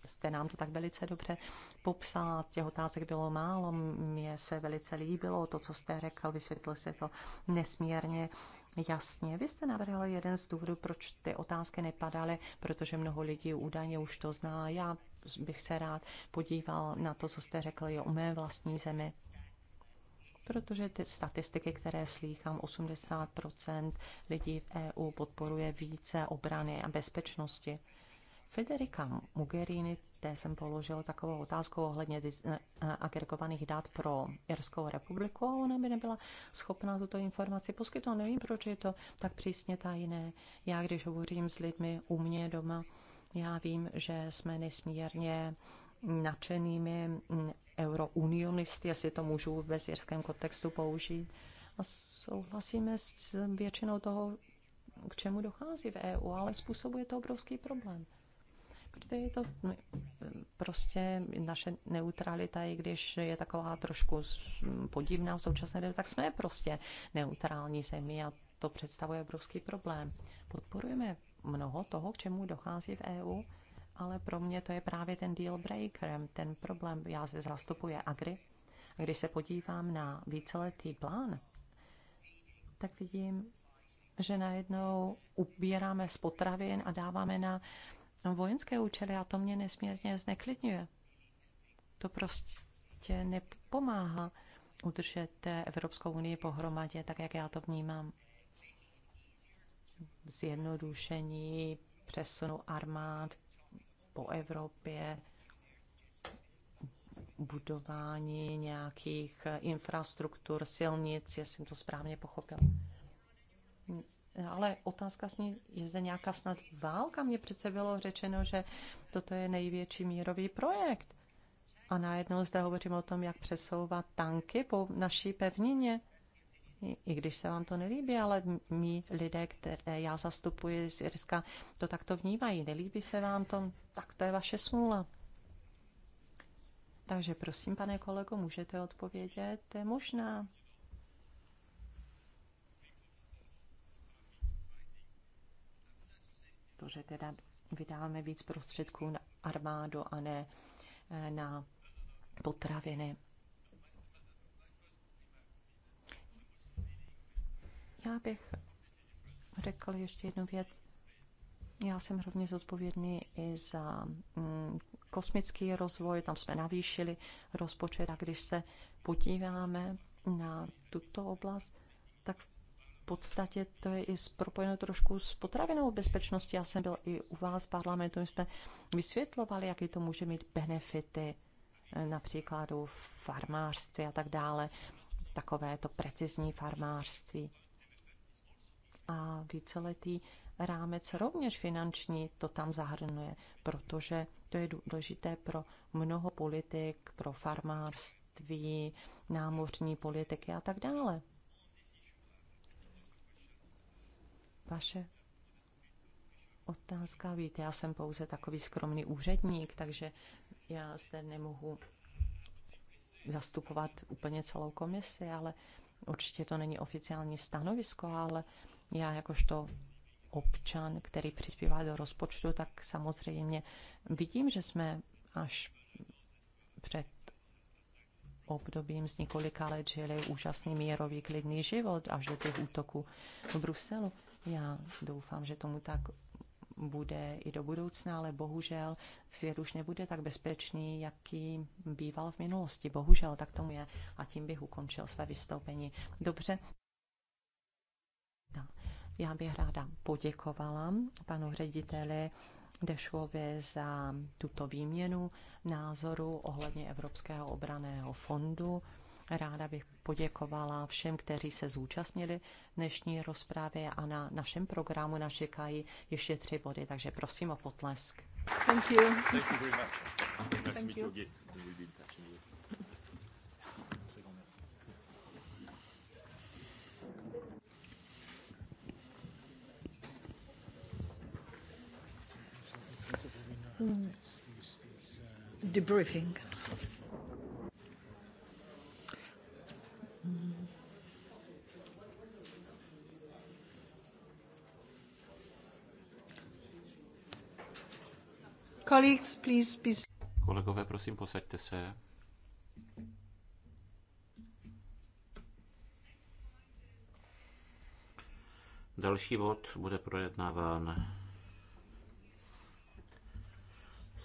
jste nám to tak velice dobře popsal. Těch otázek bylo málo, mně se velice líbilo to, co jste řekl, vysvětlil se to nesmírně jasně. Vy jste navrhl jeden z důvodů, proč ty otázky nepadaly, protože mnoho lidí údajně už to zná. Já bych se rád podíval na to, co jste řekl o mé vlastní zemi protože ty statistiky, které slýchám, 80 lidí v EU podporuje více obrany a bezpečnosti. Federica Mogherini, té jsem položil takovou otázku ohledně eh, eh, agregovaných dat pro Irskou republiku a ona by nebyla schopná tuto informaci poskytnout. Nevím, proč je to tak přísně tajné. Já, když hovořím s lidmi u mě doma, já vím, že jsme nesmírně nadšenými mm, eurounionisty, jestli to můžu ve syrském kontextu použít. A souhlasíme s většinou toho, k čemu dochází v EU, ale způsobuje to obrovský problém. Protože je to no, prostě naše neutralita, i když je taková trošku podivná v současné době, tak jsme prostě neutrální zemi a to představuje obrovský problém. Podporujeme mnoho toho, k čemu dochází v EU, ale pro mě to je právě ten deal breaker, ten problém. Já se zastupuje Agri a když se podívám na víceletý plán, tak vidím, že najednou ubíráme z potravin a dáváme na vojenské účely a to mě nesmírně zneklidňuje. To prostě nepomáhá udržet Evropskou unii pohromadě, tak jak já to vnímám. Zjednodušení, přesunu armád, po Evropě, budování nějakých infrastruktur, silnic, jestli jsem to správně pochopil. Ale otázka ní, je zde nějaká snad válka? Mně přece bylo řečeno, že toto je největší mírový projekt. A najednou zde hovořím o tom, jak přesouvat tanky po naší pevnině i když se vám to nelíbí, ale mí lidé, které já zastupuji z Jirska, to takto vnímají. Nelíbí se vám to, tak to je vaše smůla. Takže prosím, pane kolego, můžete odpovědět? Možná. To, že teda vydáme víc prostředků na armádu a ne eh, na potraviny. Já bych řekl ještě jednu věc. Já jsem rovně zodpovědný i za mm, kosmický rozvoj, tam jsme navýšili rozpočet a když se podíváme na tuto oblast, tak v podstatě to je i propojeno trošku s potravinou bezpečností. Já jsem byl i u vás v parlamentu, my jsme vysvětlovali, jaký to může mít benefity eh, například u farmářství a tak dále, takové to precizní farmářství a víceletý rámec rovněž finanční to tam zahrnuje, protože to je důležité pro mnoho politik, pro farmářství, námořní politiky a tak dále. Vaše otázka, víte, já jsem pouze takový skromný úředník, takže já zde nemohu zastupovat úplně celou komisi, ale určitě to není oficiální stanovisko, ale já jakožto občan, který přispívá do rozpočtu, tak samozřejmě vidím, že jsme až před obdobím z několika let žili úžasný mírový klidný život až do těch útoků v Bruselu. Já doufám, že tomu tak bude i do budoucna, ale bohužel svět už nebude tak bezpečný, jaký býval v minulosti. Bohužel tak tomu je a tím bych ukončil své vystoupení. Dobře, já bych ráda poděkovala panu řediteli Dešovi za tuto výměnu názoru ohledně Evropského obraného fondu. Ráda bych poděkovala všem, kteří se zúčastnili dnešní rozprávě a na našem programu nás čekají ještě tři body, takže prosím o potlesk. Thank you. Thank you very much. Thank you. Um, debriefing. Colleagues, please be... Kolegové, prosím, posaďte se. Další bod bude projednáván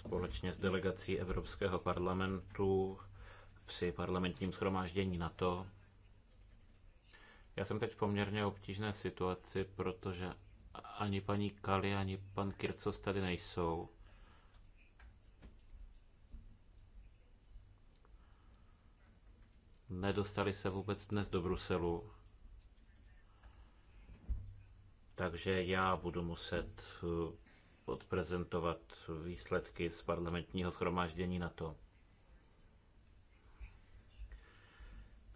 společně s delegací Evropského parlamentu při parlamentním schromáždění NATO. Já jsem teď v poměrně obtížné situaci, protože ani paní Kali, ani pan Kircos tady nejsou. Nedostali se vůbec dnes do Bruselu. Takže já budu muset eh, odprezentovat výsledky z parlamentního schromáždění na to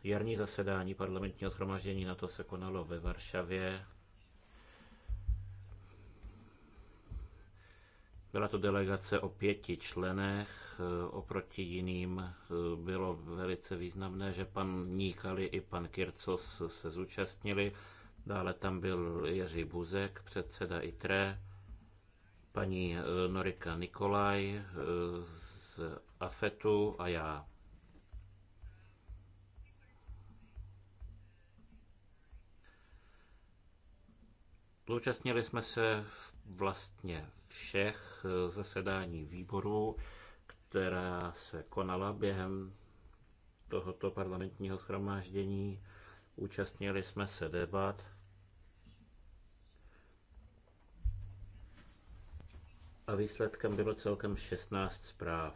Jarní zasedání parlamentního schromáždění to se konalo ve Varšavě. Byla to delegace o pěti členech, oproti jiným eh, bylo velice významné, že pan Níkali i pan Kircos se zúčastnili. Dále tam byl Jeří Buzek, předseda ITRE, paní eh, Norika Nikolaj eh, z AFETu a já. Zúčastnili jsme se vlastně všech eh, zasedání výborů, která se konala během tohoto parlamentního schromáždění. Účastnili jsme se debat a výsledkem bylo celkem 16 zpráv.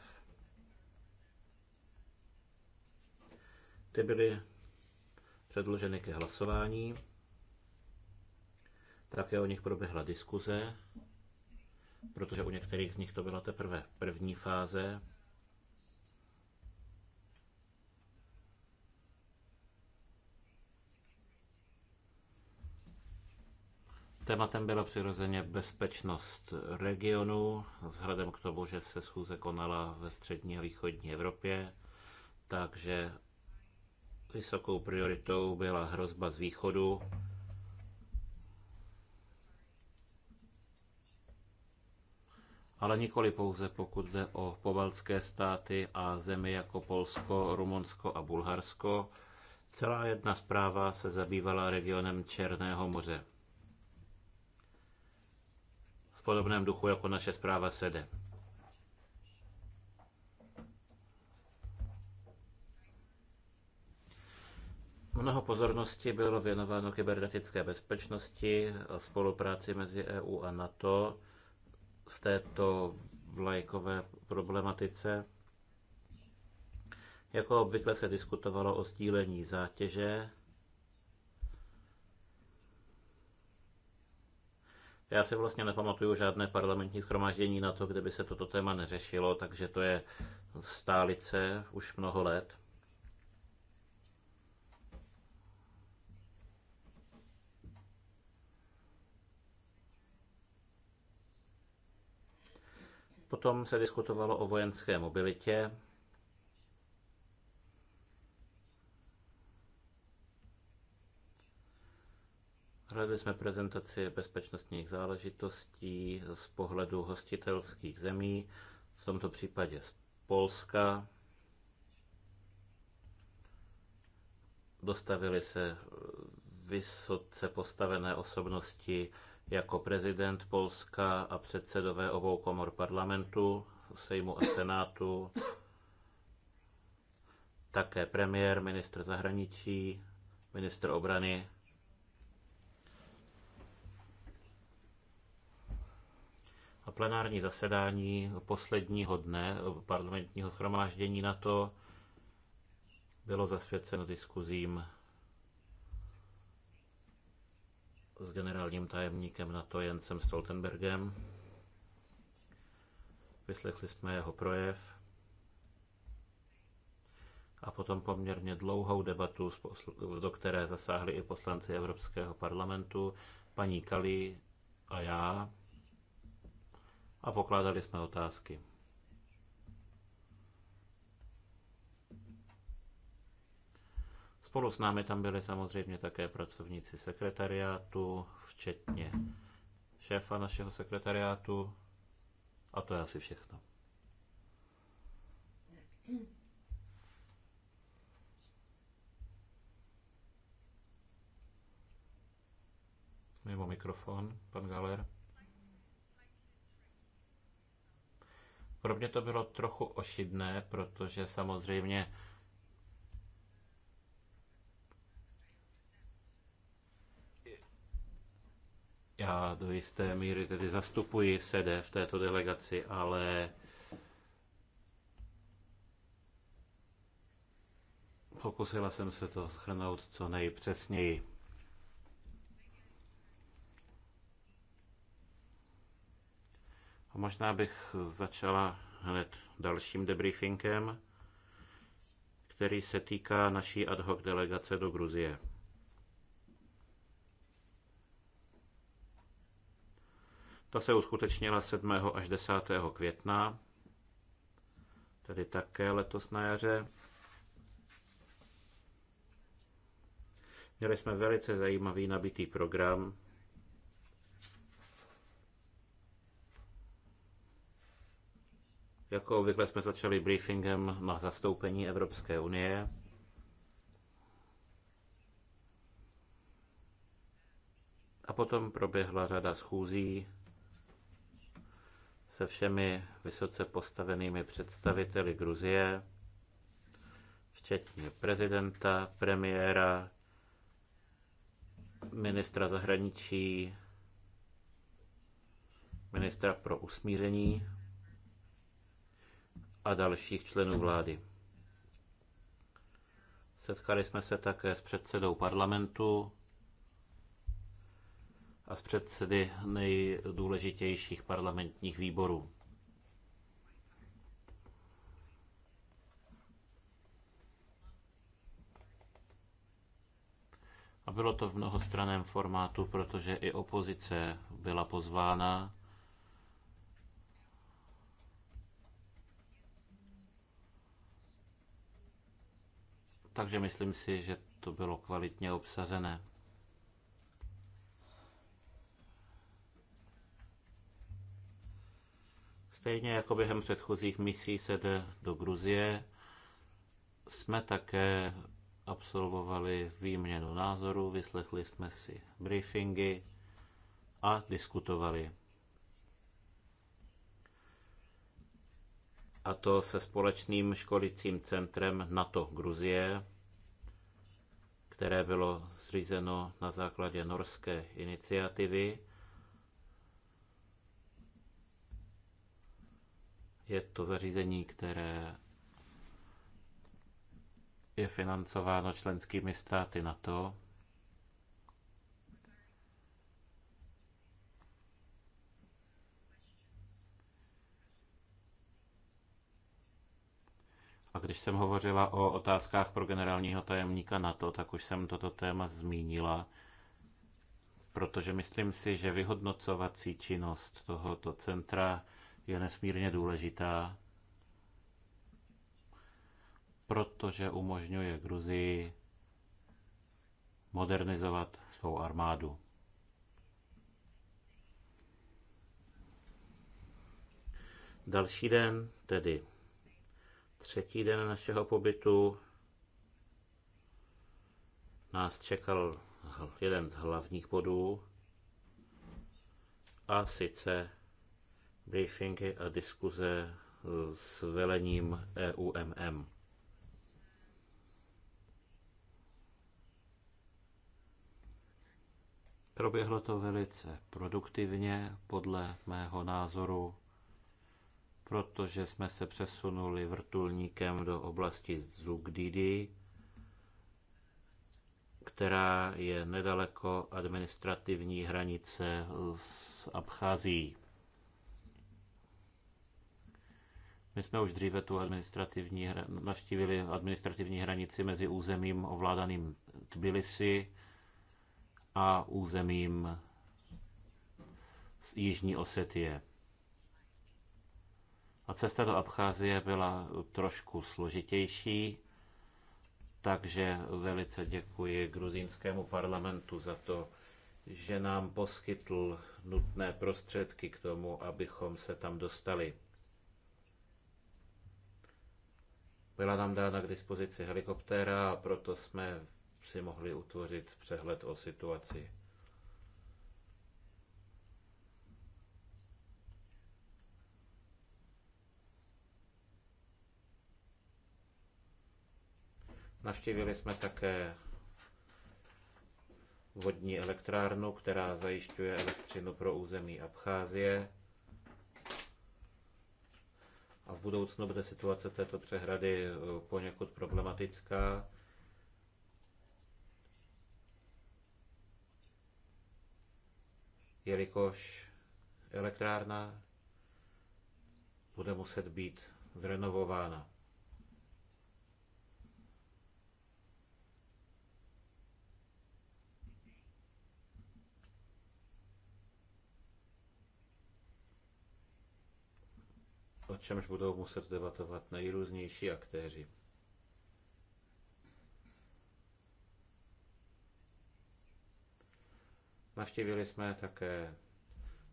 Ty byly předloženy ke hlasování, také o nich proběhla diskuze, protože u některých z nich to byla teprve první fáze Tématem byla přirozeně bezpečnost regionu, vzhledem k tomu, že se schůze konala ve střední a východní Evropě, takže vysokou prioritou byla hrozba z východu. Ale nikoli pouze pokud jde o povalské státy a zemi jako Polsko, Rumunsko a Bulharsko. Celá jedna zpráva se zabývala regionem Černého moře podobném duchu jako naše zpráva SEDE. Mnoho pozornosti bylo věnováno kybernetické bezpečnosti, spolupráci mezi EU a NATO v této vlajkové problematice. Jako obvykle se diskutovalo o sdílení zátěže Já si vlastně nepamatuju žádné parlamentní schromáždění na to, kde by se toto téma neřešilo, takže to je stálice už mnoho let. Potom se diskutovalo o vojenské mobilitě, Prohlédli jsme prezentaci bezpečnostních záležitostí z pohledu hostitelských zemí, v tomto případě z Polska. Dostavili se vysoce postavené osobnosti jako prezident Polska a předsedové obou komor parlamentu, Sejmu a Senátu, také premiér, ministr zahraničí, ministr obrany plenární zasedání posledního dne parlamentního schromáždění na to bylo zasvěceno diskuzím s generálním tajemníkem na to Jensem Stoltenbergem. Vyslechli jsme jeho projev a potom poměrně dlouhou debatu, do které zasáhli i poslanci Evropského parlamentu, paní Kali a já, a pokládali jsme otázky. Spolu s námi tam byli samozřejmě také pracovníci sekretariátu, včetně šéfa našeho sekretariátu. A to je asi všechno. Mimo mikrofon, pan Galer. Pro mě to bylo trochu ošidné, protože samozřejmě já do jisté míry tedy zastupuji sede v této delegaci, ale pokusila jsem se to schrnout co nejpřesněji. A možná bych začala hned dalším debriefingem, který se týká naší ad hoc delegace do Gruzie. Ta se uskutečnila 7. až 10. května, tedy také letos na jaře. Měli jsme velice zajímavý nabitý program, Jako obvykle jsme začali briefingem na zastoupení Evropské unie. A potom proběhla řada schůzí se všemi vysoce postavenými představiteli Gruzie, včetně prezidenta, premiéra, ministra zahraničí, ministra pro usmíření a dalších členů vlády. Setkali jsme se také s předsedou parlamentu a s předsedy nejdůležitějších parlamentních výborů. A bylo to v mnohostraném formátu, protože i opozice byla pozvána takže myslím si, že to bylo kvalitně obsazené. Stejně jako během předchozích misí se jde do Gruzie, jsme také absolvovali výměnu názorů, vyslechli jsme si briefingy a diskutovali. a to se společným školicím centrem NATO Gruzie, které bylo zřízeno na základě norské iniciativy. Je to zařízení, které je financováno členskými státy NATO Když jsem hovořila o otázkách pro generálního tajemníka NATO, tak už jsem toto téma zmínila, protože myslím si, že vyhodnocovací činnost tohoto centra je nesmírně důležitá, protože umožňuje Gruzii modernizovat svou armádu. Další den, tedy Třetí den našeho pobytu nás čekal jeden z hlavních bodů, a sice briefingy a diskuze s velením EUMM. Proběhlo to velice produktivně, podle mého názoru protože jsme se přesunuli vrtulníkem do oblasti Zugdidi, která je nedaleko administrativní hranice s Abcházií. My jsme už dříve tu administrativní, navštívili administrativní hranici mezi územím ovládaným Tbilisi a územím z Jižní Osetie. A cesta do Abcházie byla trošku složitější, takže velice děkuji gruzínskému parlamentu za to, že nám poskytl nutné prostředky k tomu, abychom se tam dostali. Byla nám dána k dispozici helikoptéra a proto jsme si mohli utvořit přehled o situaci. Navštívili jsme také vodní elektrárnu, která zajišťuje elektřinu pro území Abcházie. A v budoucnu bude situace této přehrady eh, poněkud problematická. jelikož elektrárna bude muset být zrenovována. o čemž budou muset debatovat nejrůznější aktéři. Navštívili jsme také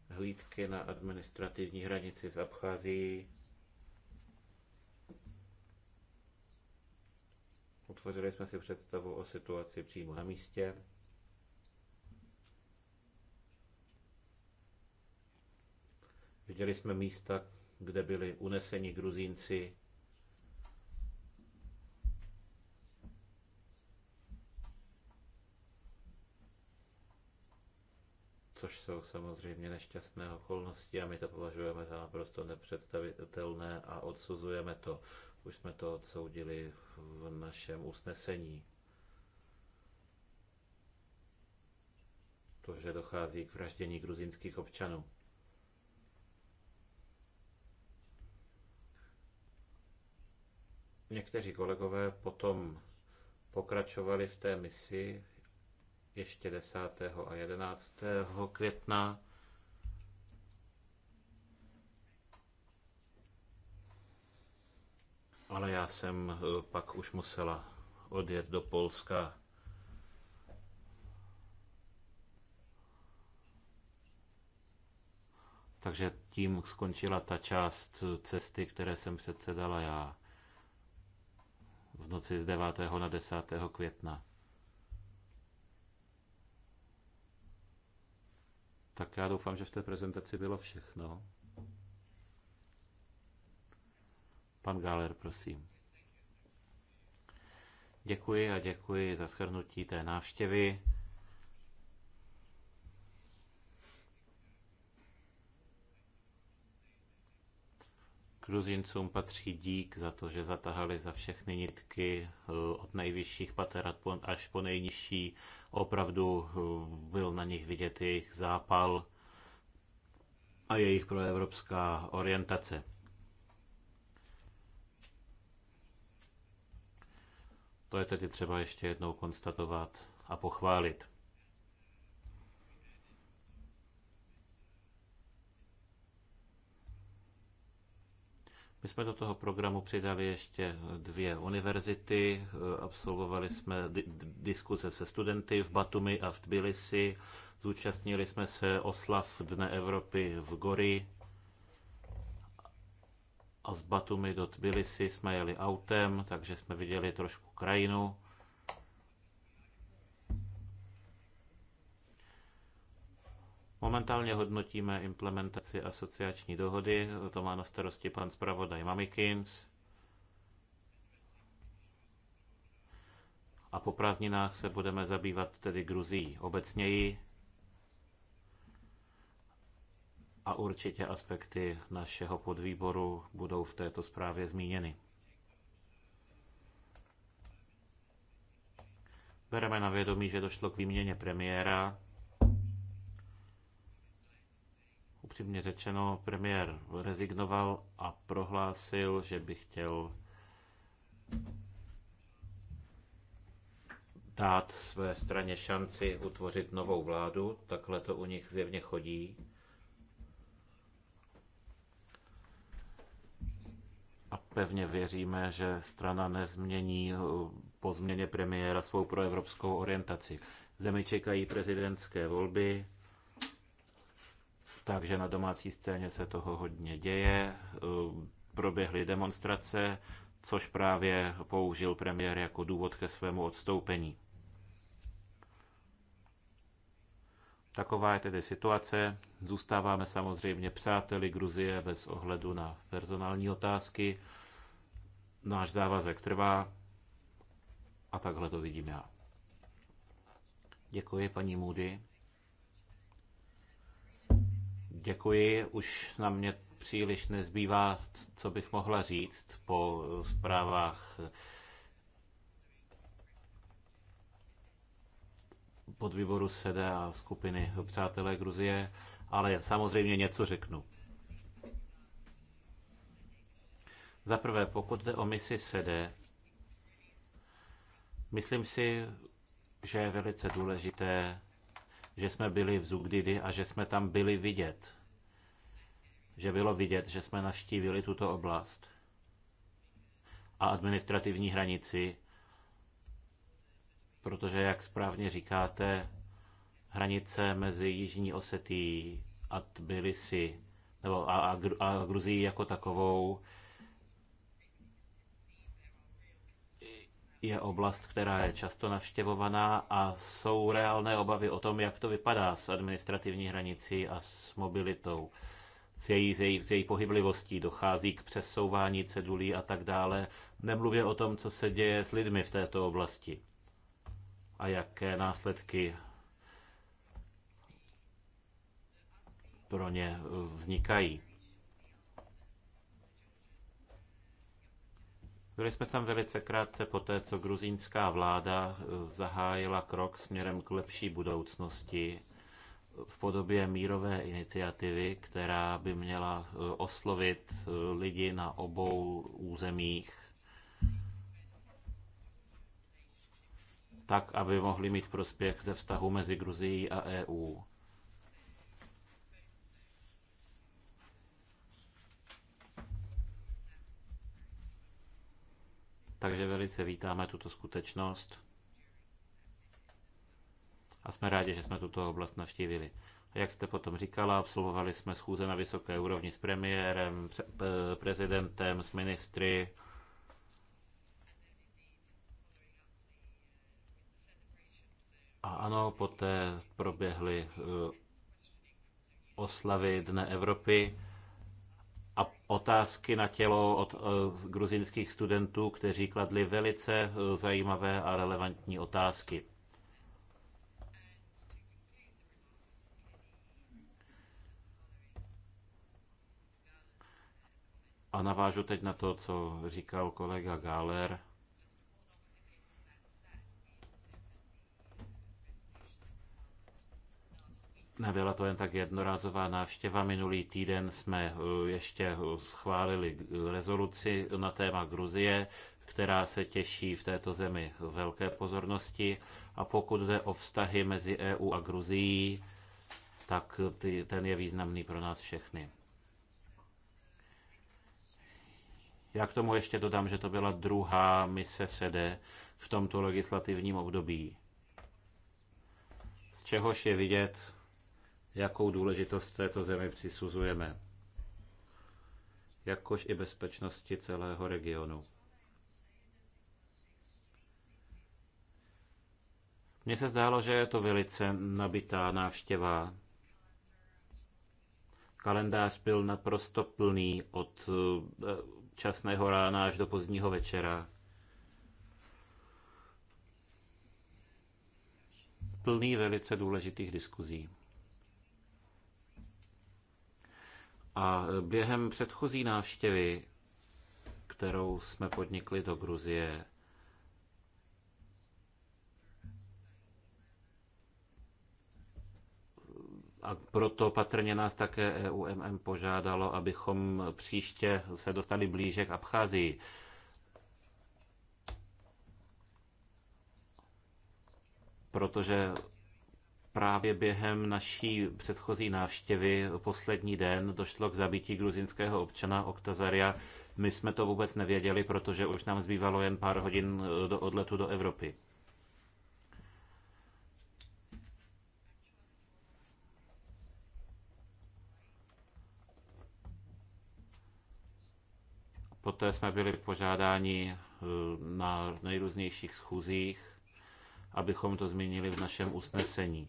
hlídky na administrativní hranici s Abcházií. Utvořili jsme si představu o situaci přímo na místě. Viděli jsme místa, kde byli uneseni gruzínci což jsou samozřejmě nešťastné okolnosti a my to považujeme za naprosto nepředstavitelné a odsuzujeme to. Už jsme to odsoudili v našem usnesení. To, že dochází k vraždění gruzinských občanů. Někteří kolegové potom pokračovali v té misi ještě 10. a 11. května. Ale já jsem eh, pak už musela odjet do Polska. Takže tím skončila ta část cesty, které jsem předsedala já v noci z 9. na 10. května. Tak já doufám, že v té prezentaci bylo všechno. Pan Galer, prosím. Děkuji a děkuji za shrnutí té návštěvy. Gruzincům patří dík za to, že zatahali za všechny nitky eh, od nejvyšších pater až po nejnižší. Opravdu eh, byl na nich vidět jejich zápal a jejich proevropská orientace. To je tedy třeba ještě jednou konstatovat a pochválit. My jsme do toho programu přidali ještě dvě univerzity, absolvovali jsme diskuze se studenty v Batumi a v Tbilisi, zúčastnili jsme se oslav Dne Evropy v Gori a z Batumi do Tbilisi jsme jeli autem, takže jsme viděli trošku krajinu. Momentálně hodnotíme implementaci asociační dohody, to má na starosti pan zpravodaj Mamikins. A po prázdninách se budeme zabývat tedy Gruzií obecněji a určitě aspekty našeho podvýboru budou v této zprávě zmíněny. Bereme na vědomí, že došlo k výměně premiéra upřímně řečeno, premiér rezignoval a prohlásil, že by chtěl dát své straně šanci utvořit novou vládu. Takhle to u nich zjevně chodí. A pevně věříme, že strana nezmění eh, po změně premiéra svou proevropskou orientaci. Zemi čekají prezidentské volby takže na domácí scéně se toho hodně děje. Eh, proběhly demonstrace, což právě použil premiér jako důvod ke svému odstoupení. Taková je tedy situace. Zůstáváme samozřejmě přáteli Gruzie bez ohledu na personální otázky. Náš závazek trvá a takhle to vidím já. Děkuji, paní Moody. Děkuji, už na mě příliš nezbývá, co bych mohla říct po zprávách podvýboru SEDE a skupiny Přátelé Gruzie, ale samozřejmě něco řeknu. Za prvé, pokud jde o misi SEDE, myslím si, že je velice důležité že jsme byli v Zugdidy a že jsme tam byli vidět. Že bylo vidět, že jsme navštívili tuto oblast a administrativní hranici, protože, jak správně říkáte, hranice mezi Jižní Osetí a Tbilisi nebo a, a, a Gruzií jako takovou je oblast, která je často navštěvovaná a jsou reálné obavy o tom, jak to vypadá s administrativní hranicí a s mobilitou. S její, s, její, s její pohyblivostí dochází k přesouvání cedulí a tak dále. Nemluvě o tom, co se děje s lidmi v této oblasti a jaké následky pro ně vznikají. Byli jsme tam velice krátce po té, co gruzínská vláda eh, zahájila krok směrem k lepší budoucnosti eh, v podobě mírové iniciativy, která by měla eh, oslovit lidi na obou územích tak, aby mohli mít prospěch ze vztahu mezi Gruzií a EU. takže velice vítáme tuto skutečnost a jsme rádi, že jsme tuto oblast navštívili. Jak jste potom říkala, absolvovali jsme schůze na vysoké úrovni s premiérem, prezidentem, s ministry, A ano, poté proběhly eh, oslavy Dne Evropy a otázky na tělo od eh, gruzinských studentů, kteří kladli velice eh, zajímavé a relevantní otázky. A navážu teď na to, co říkal kolega Gáler. Nebyla to jen tak jednorázová návštěva. Minulý týden jsme eh, ještě eh, schválili rezoluci na téma Gruzie, která se těší v této zemi velké pozornosti. A pokud jde o vztahy mezi EU a Gruzií, tak ten je významný pro nás všechny. Já k tomu ještě dodám, že to byla druhá mise sede v tomto legislativním období. Z čehož je vidět, jakou důležitost této zemi přisuzujeme, jakož i bezpečnosti celého regionu. Mně se zdálo, že je to velice nabitá návštěva. Kalendář byl naprosto plný od eh, časného rána až do pozdního večera. Plný velice důležitých diskuzí. A během předchozí návštěvy, kterou jsme podnikli do Gruzie, A proto patrně nás také EUMM požádalo, abychom příště se dostali blíže k Abcházii. Protože právě během naší předchozí návštěvy poslední den došlo k zabití gruzinského občana Oktazaria. My jsme to vůbec nevěděli, protože už nám zbývalo jen pár hodin eh, do odletu do Evropy. Poté jsme byli požádáni eh, na nejrůznějších schůzích, abychom to zmínili v našem usnesení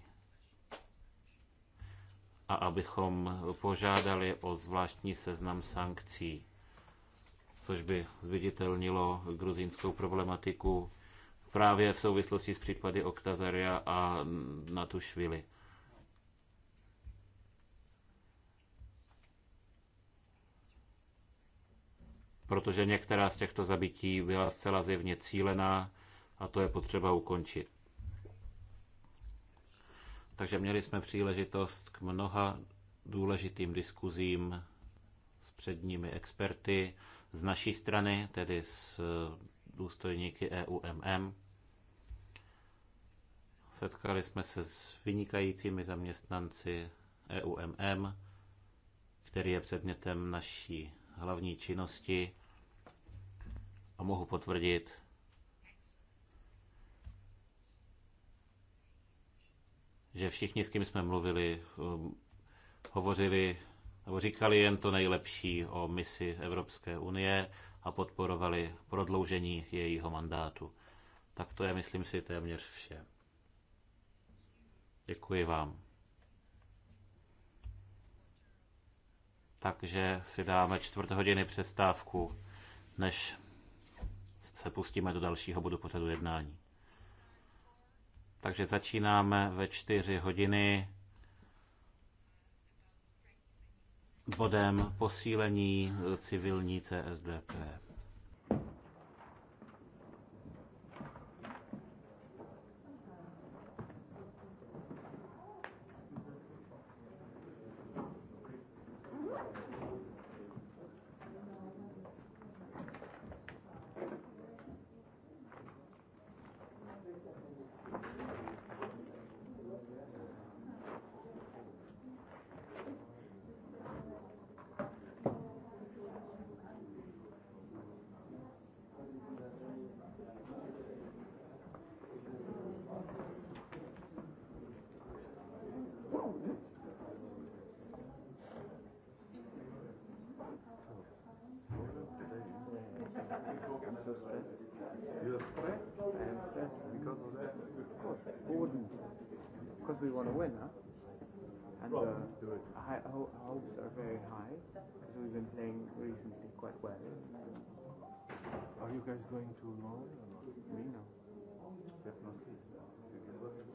a abychom požádali o zvláštní seznam sankcí, což by zviditelnilo gruzínskou problematiku právě v souvislosti s případy Oktazaria a Natušvili. Protože některá z těchto zabití byla zcela zjevně cílená a to je potřeba ukončit. Takže měli jsme příležitost k mnoha důležitým diskuzím s předními experty z naší strany, tedy s eh, důstojníky EUMM. Setkali jsme se s vynikajícími zaměstnanci EUMM, který je předmětem naší hlavní činnosti. A mohu potvrdit, že všichni, s kým jsme mluvili, um, hovořili nebo říkali jen to nejlepší o misi Evropské unie a podporovali prodloužení jejího mandátu. Tak to je, myslím si, téměř vše. Děkuji vám. Takže si dáme čtvrt hodiny přestávku, než se pustíme do dalšího bodu pořadu jednání. Takže začínáme ve čtyři hodiny bodem posílení civilní CSDP. You're because we want to win, huh? And uh, high, ho hopes are very high, because we've been playing recently quite well. Are you guys going to Norway or not? Me, no. You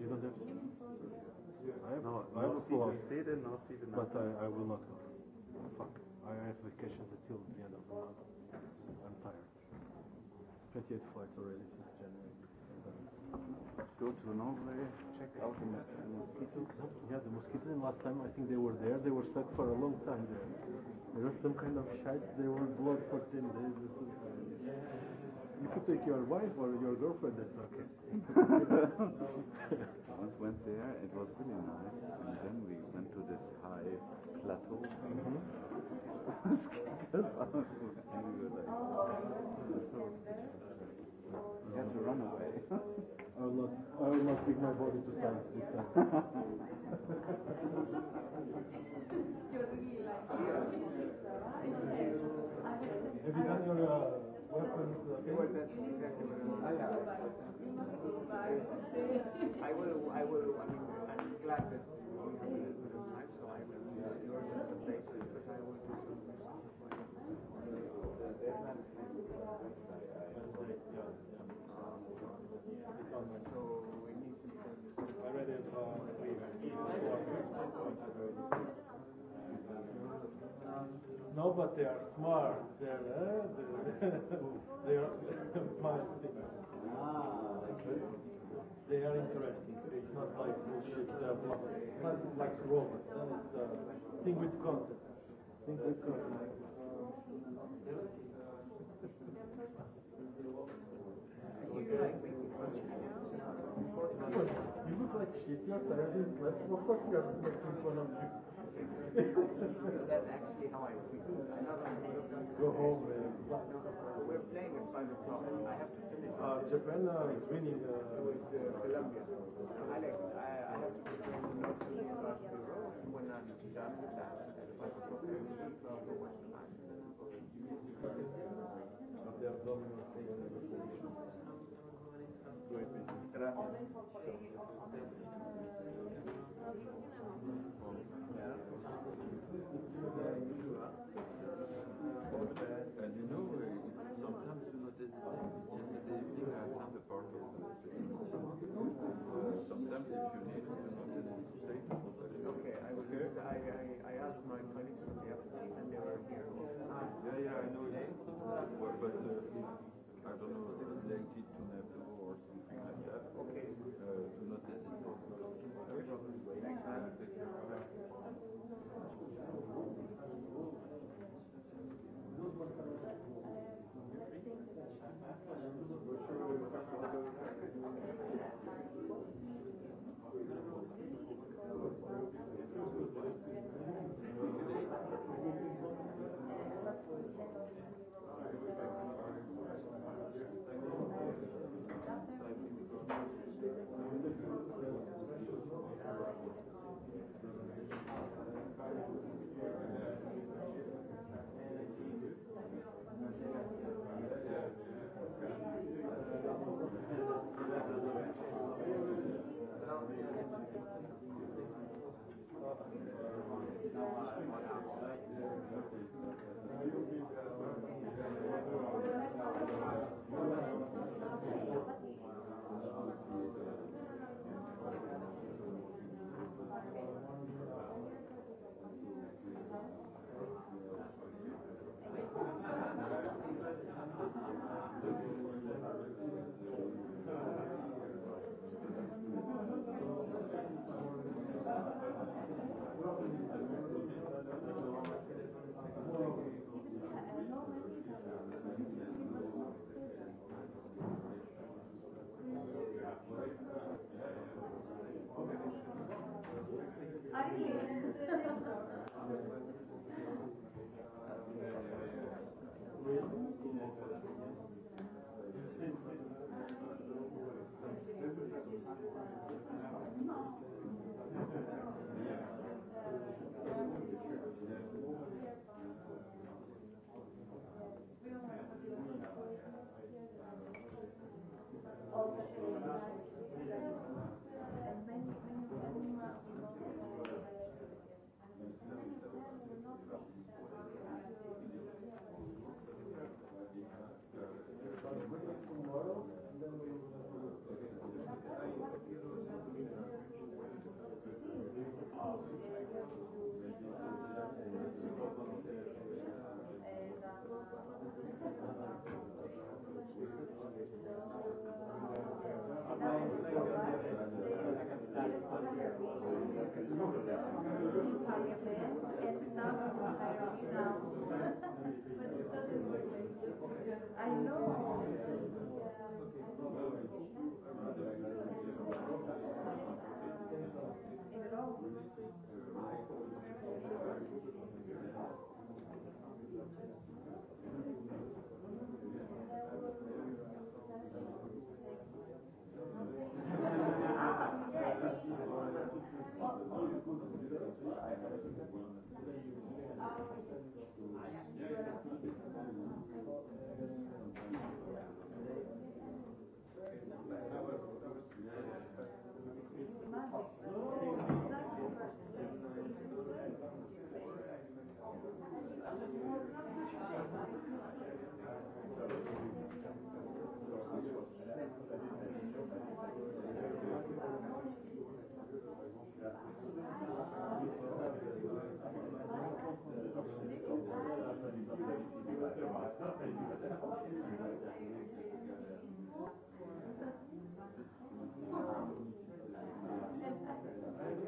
You don't have seat? I have, no, no I have seat, seat and no seat. But I, I will not go. Fuck. I have vacations until the end of the month. 28 flags already since January. Go to Norway, check out the mosquitoes. Yeah, the mosquitoes, and last time I think they were there, they were stuck for a long time there. There was some kind of shite, they were blood for 10 days. You could take your wife or your girlfriend, that's okay. Once went there, it was really nice, and then we went to this high plateau. Mm -hmm. and we were like, oh, to run away. I would love, I would love to take my body to science this time. Have you done your uh, weapons? Uh, well, that's exactly what I want. I, I will, I will, I mean, I'm glad that No, but they are smart. They're, uh, they're, they are fine things. They are interesting. It's not like bullshit, uh, not like robots. Uh, it's a uh, thing with content. Thing with content. not you Go home, We're playing at 5 I have to finish. Uh, Japan uh, is winning. Uh, uh, Colombia. Alex, I, have to finish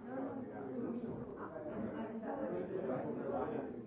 Thank you.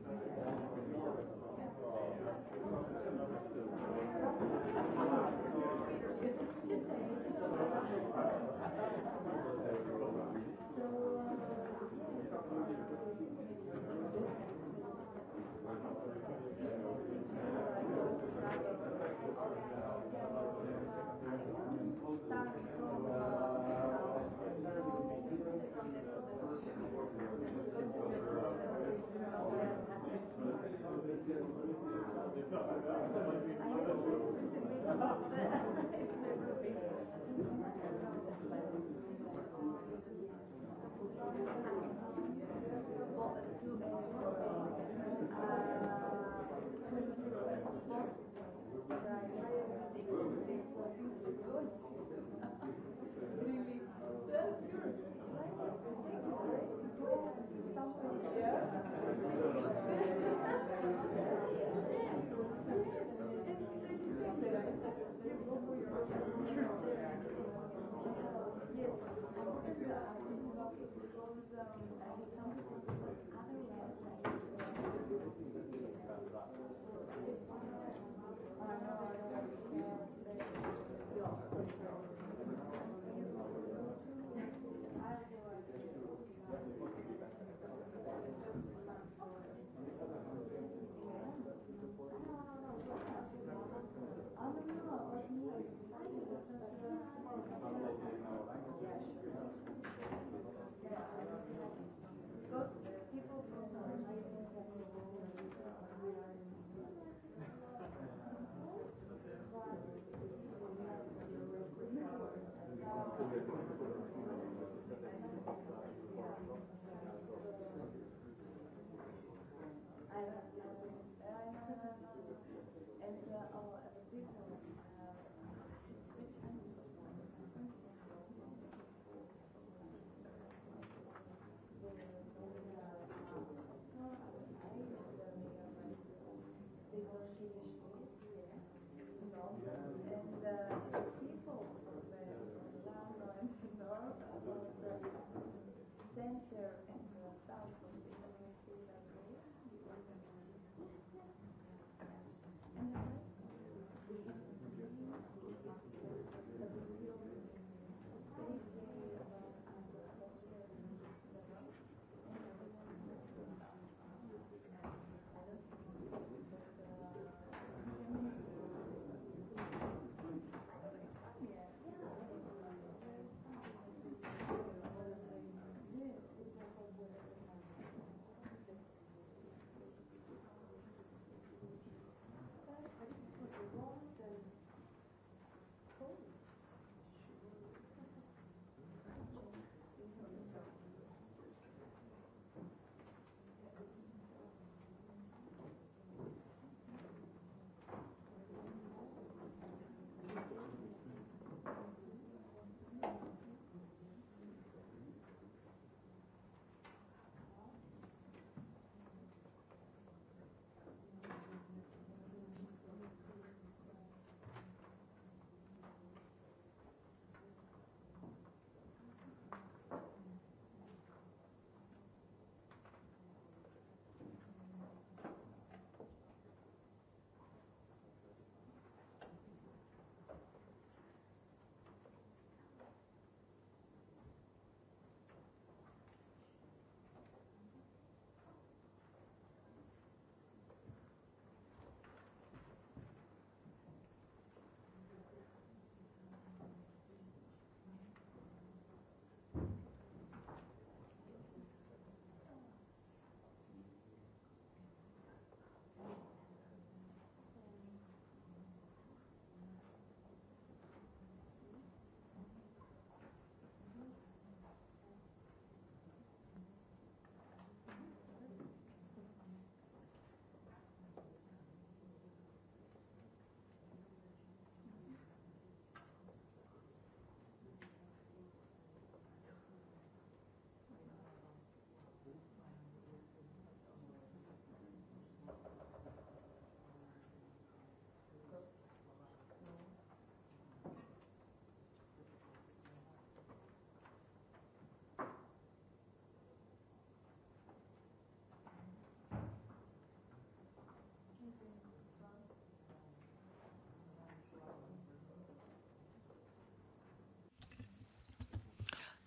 and uh, our everything.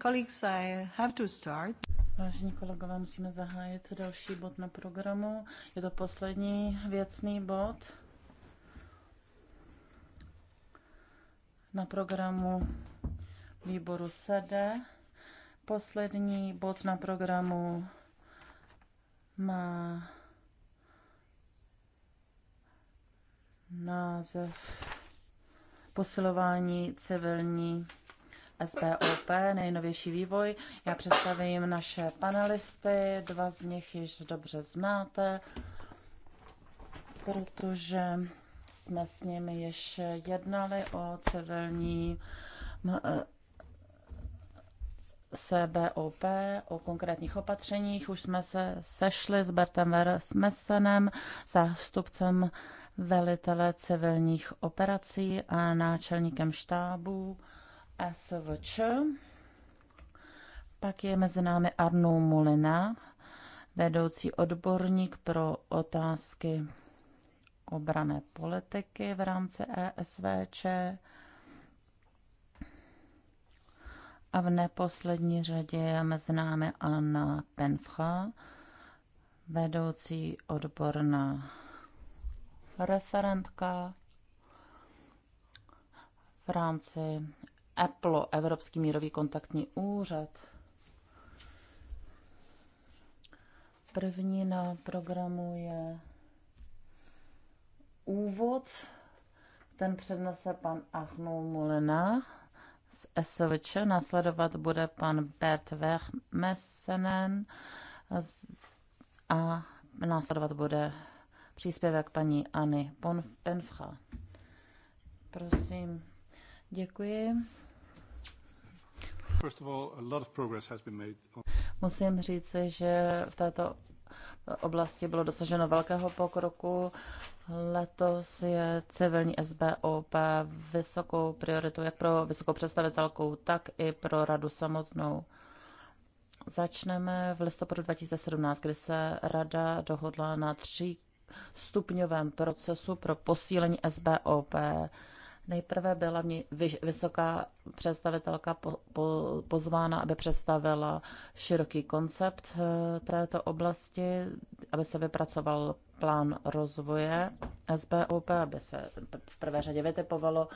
Colleagues, I have to start. Vážení kolegové, musíme zahájit další bod na programu. Je to poslední věcný bod na programu výboru SEDE. Poslední bod na programu má název posilování civilní SPOP, nejnovější vývoj. Já představím naše panelisty, dva z nich již dobře znáte, protože jsme s nimi již jednali o civilní CBOP, e, o konkrétních opatřeních. Už jsme se sešli s Bertem Versmesenem, zástupcem velitele civilních operací a náčelníkem štábu SVČ. Pak je mezi námi Arnou Molina, vedoucí odborník pro otázky obrané politiky v rámci ESVČ. A v neposlední řadě je mezi námi Anna Penfra, vedoucí odborná referentka v rámci EPLO, Evropský mírový kontaktní úřad. První na programu je úvod. Ten přednese pan Arnaud Molena z SVČ. Následovat bude pan Bert Vermessenen a následovat bude příspěvek paní Anny Penfcha. Prosím, děkuji. Musím říct, že v této oblasti bylo dosaženo velkého pokroku. Letos je civilní SBOP vysokou prioritou jak pro vysokou představitelku, tak i pro radu samotnou. Začneme v listopadu 2017, kdy se rada dohodla na tří stupňovém procesu pro posílení SBOP Nejprve byla vysoká představitelka po, po, pozvána, aby představila široký koncept eh, této oblasti, aby se vypracoval plán rozvoje SBOP, aby se v prvé řadě vytipovalo,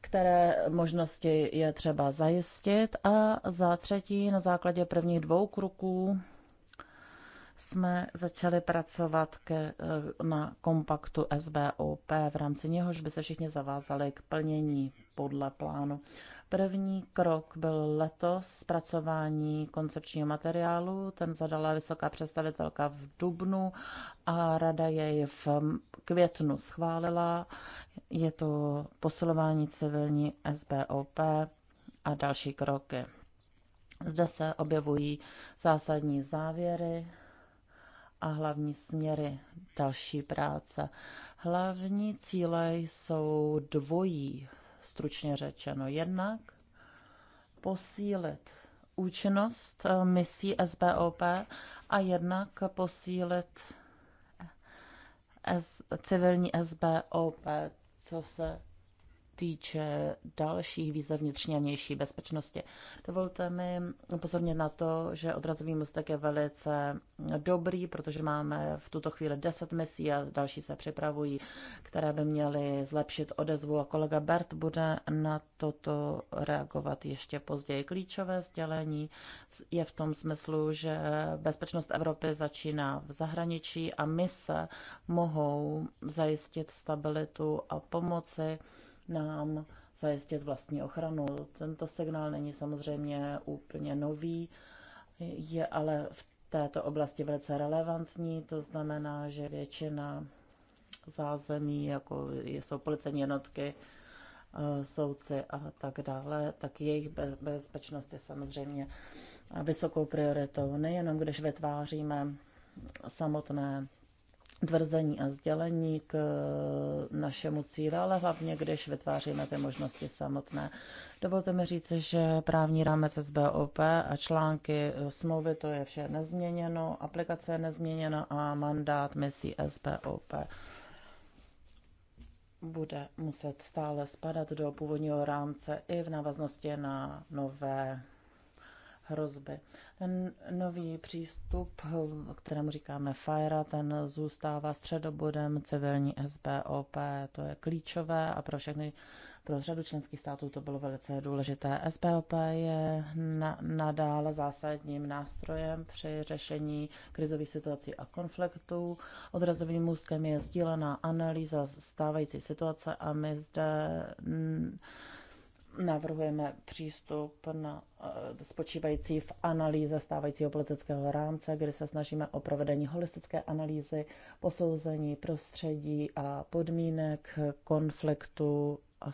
které možnosti je třeba zajistit. A za třetí, na základě prvních dvou kroků jsme začali pracovat ke, eh, na kompaktu SBOP, v rámci něhož by se všichni zavázali k plnění podle plánu. První krok byl letos zpracování koncepčního materiálu, ten zadala vysoká představitelka v Dubnu a rada jej v květnu schválila. Je to posilování civilní SBOP a další kroky. Zde se objevují zásadní závěry a hlavní směry další práce. Hlavní cíle jsou dvojí, stručně řečeno. Jednak posílit účinnost eh, misí SBOP a jednak posílit civilní SBOP, co se týče dalších výzev vnitřní a vnější bezpečnosti. Dovolte mi upozornit na to, že odrazový mostek je velice dobrý, protože máme v tuto chvíli 10 misí a další se připravují, které by měly zlepšit odezvu a kolega Bert bude na toto reagovat ještě později. Klíčové sdělení je v tom smyslu, že bezpečnost Evropy začíná v zahraničí a mise mohou zajistit stabilitu a pomoci nám zajistit vlastní ochranu. Tento signál není samozřejmě úplně nový, je ale v této oblasti velice relevantní, to znamená, že většina zázemí, jako jsou policejní jednotky, eh, soudci a tak dále, tak jejich bezpečnost je samozřejmě vysokou prioritou. Nejenom když vytváříme samotné tvrzení a sdělení k eh, našemu cíli, ale hlavně, když vytváříme ty možnosti samotné. Dovolte mi říct, že právní rámec SBOP a články eh, smlouvy, to je vše nezměněno, aplikace je nezměněna a mandát misí SBOP bude muset stále spadat do původního rámce i v návaznosti na nové hrozby. Ten nový přístup, kterému říkáme FIRA, ten zůstává středobodem civilní SBOP. To je klíčové a pro všechny, pro řadu členských států to bylo velice důležité. SBOP je na, nadále zásadním nástrojem při řešení krizových situací a konfliktů. Odrazovým úzkem je sdílená analýza stávající situace a my zde mm, Navrhujeme přístup na, eh, spočívající v analýze stávajícího politického rámce, kdy se snažíme o provedení holistické analýzy, posouzení prostředí a podmínek konfliktu a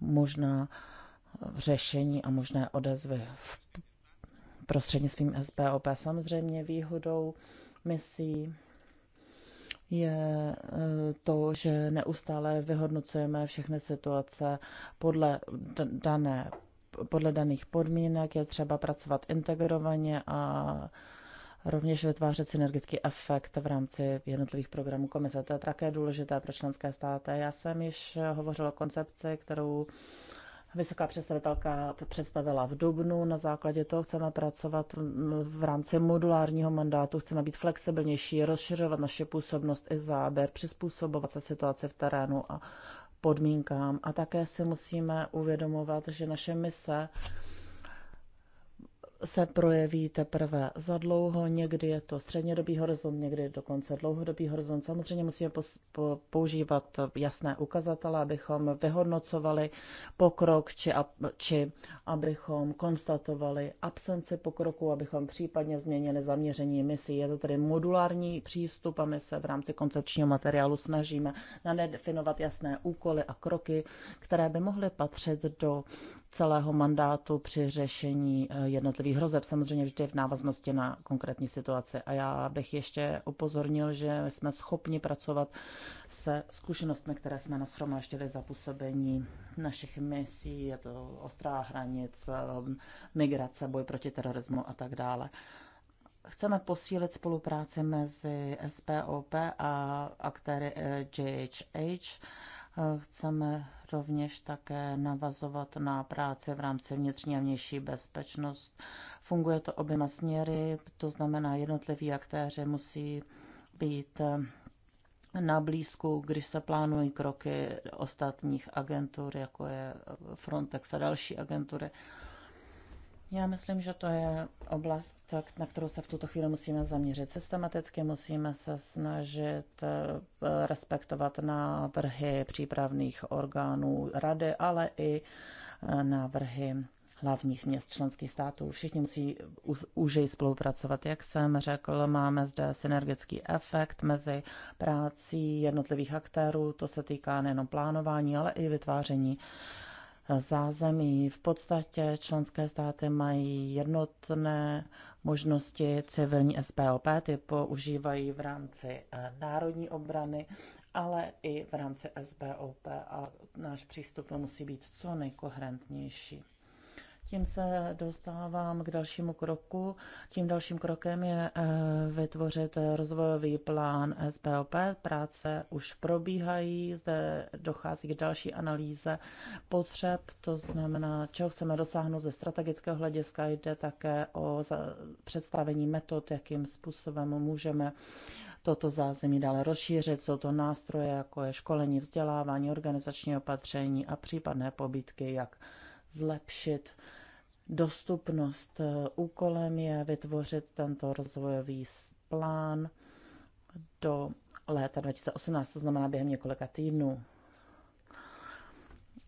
možná eh, řešení a možné odezvy v prostřednictvím SBOP Samozřejmě výhodou misí je eh, to, že neustále vyhodnocujeme všechny situace podle dané podle daných podmínek je třeba pracovat integrovaně a rovněž vytvářet synergický efekt v rámci jednotlivých programů komise. To je také důležité pro členské státy. Já jsem již hovořila o koncepci, kterou vysoká představitelka představila v Dubnu. Na základě toho chceme pracovat v rámci modulárního mandátu, chceme být flexibilnější, rozšiřovat naše působnost i záběr, přizpůsobovat se situaci v terénu a podmínkám. A také si musíme uvědomovat, že naše mise se projeví teprve za dlouho, někdy je to střednědobý horizont, někdy dokonce dlouhodobý horizont. Samozřejmě musíme používat jasné ukazatele, abychom vyhodnocovali pokrok, či, či abychom konstatovali absenci pokroku, abychom případně změnili zaměření misí. Je to tedy modulární přístup a my se v rámci koncepčního materiálu snažíme nadefinovat jasné úkoly a kroky, které by mohly patřit do celého mandátu při řešení eh, jednotlivých hrozeb, samozřejmě vždy v návaznosti na konkrétní situaci. A já bych ještě upozornil, že jsme schopni pracovat se zkušenostmi, které jsme nashromáždili za působení našich misí, je to ostrá hranic, eh, migrace, boj proti terorismu a tak dále. Chceme posílit spolupráci mezi SPOP a aktéry JHH eh, Chceme rovněž také navazovat na práci v rámci vnitřní a vnější bezpečnost. Funguje to oběma směry, to znamená, jednotliví aktéři musí být na blízku, když se plánují kroky ostatních agentur, jako je Frontex a další agentury. Já myslím, že to je oblast, na kterou se v tuto chvíli musíme zaměřit systematicky, musíme se snažit eh, respektovat návrhy přípravných orgánů rady, ale i eh, návrhy hlavních měst členských států. Všichni musí úžej spolupracovat. Jak jsem řekl, máme zde synergický efekt mezi prací jednotlivých aktérů. To se týká nejenom plánování, ale i vytváření uh, zázemí. V podstatě členské státy mají jednotné možnosti civilní SPOP, ty používají v rámci eh, národní obrany, ale i v rámci SBOP a náš přístup musí být co nejkoherentnější. Tím se dostávám k dalšímu kroku. Tím dalším krokem je eh, vytvořit rozvojový plán SPOP. Práce už probíhají, zde dochází k další analýze potřeb, to znamená, čeho chceme dosáhnout ze strategického hlediska. Jde také o představení metod, jakým způsobem můžeme toto zázemí dále rozšířit. Jsou to nástroje, jako je školení, vzdělávání, organizační opatření a případné pobytky, jak zlepšit dostupnost. Úkolem je vytvořit tento rozvojový plán do léta 2018, to znamená během několika týdnů.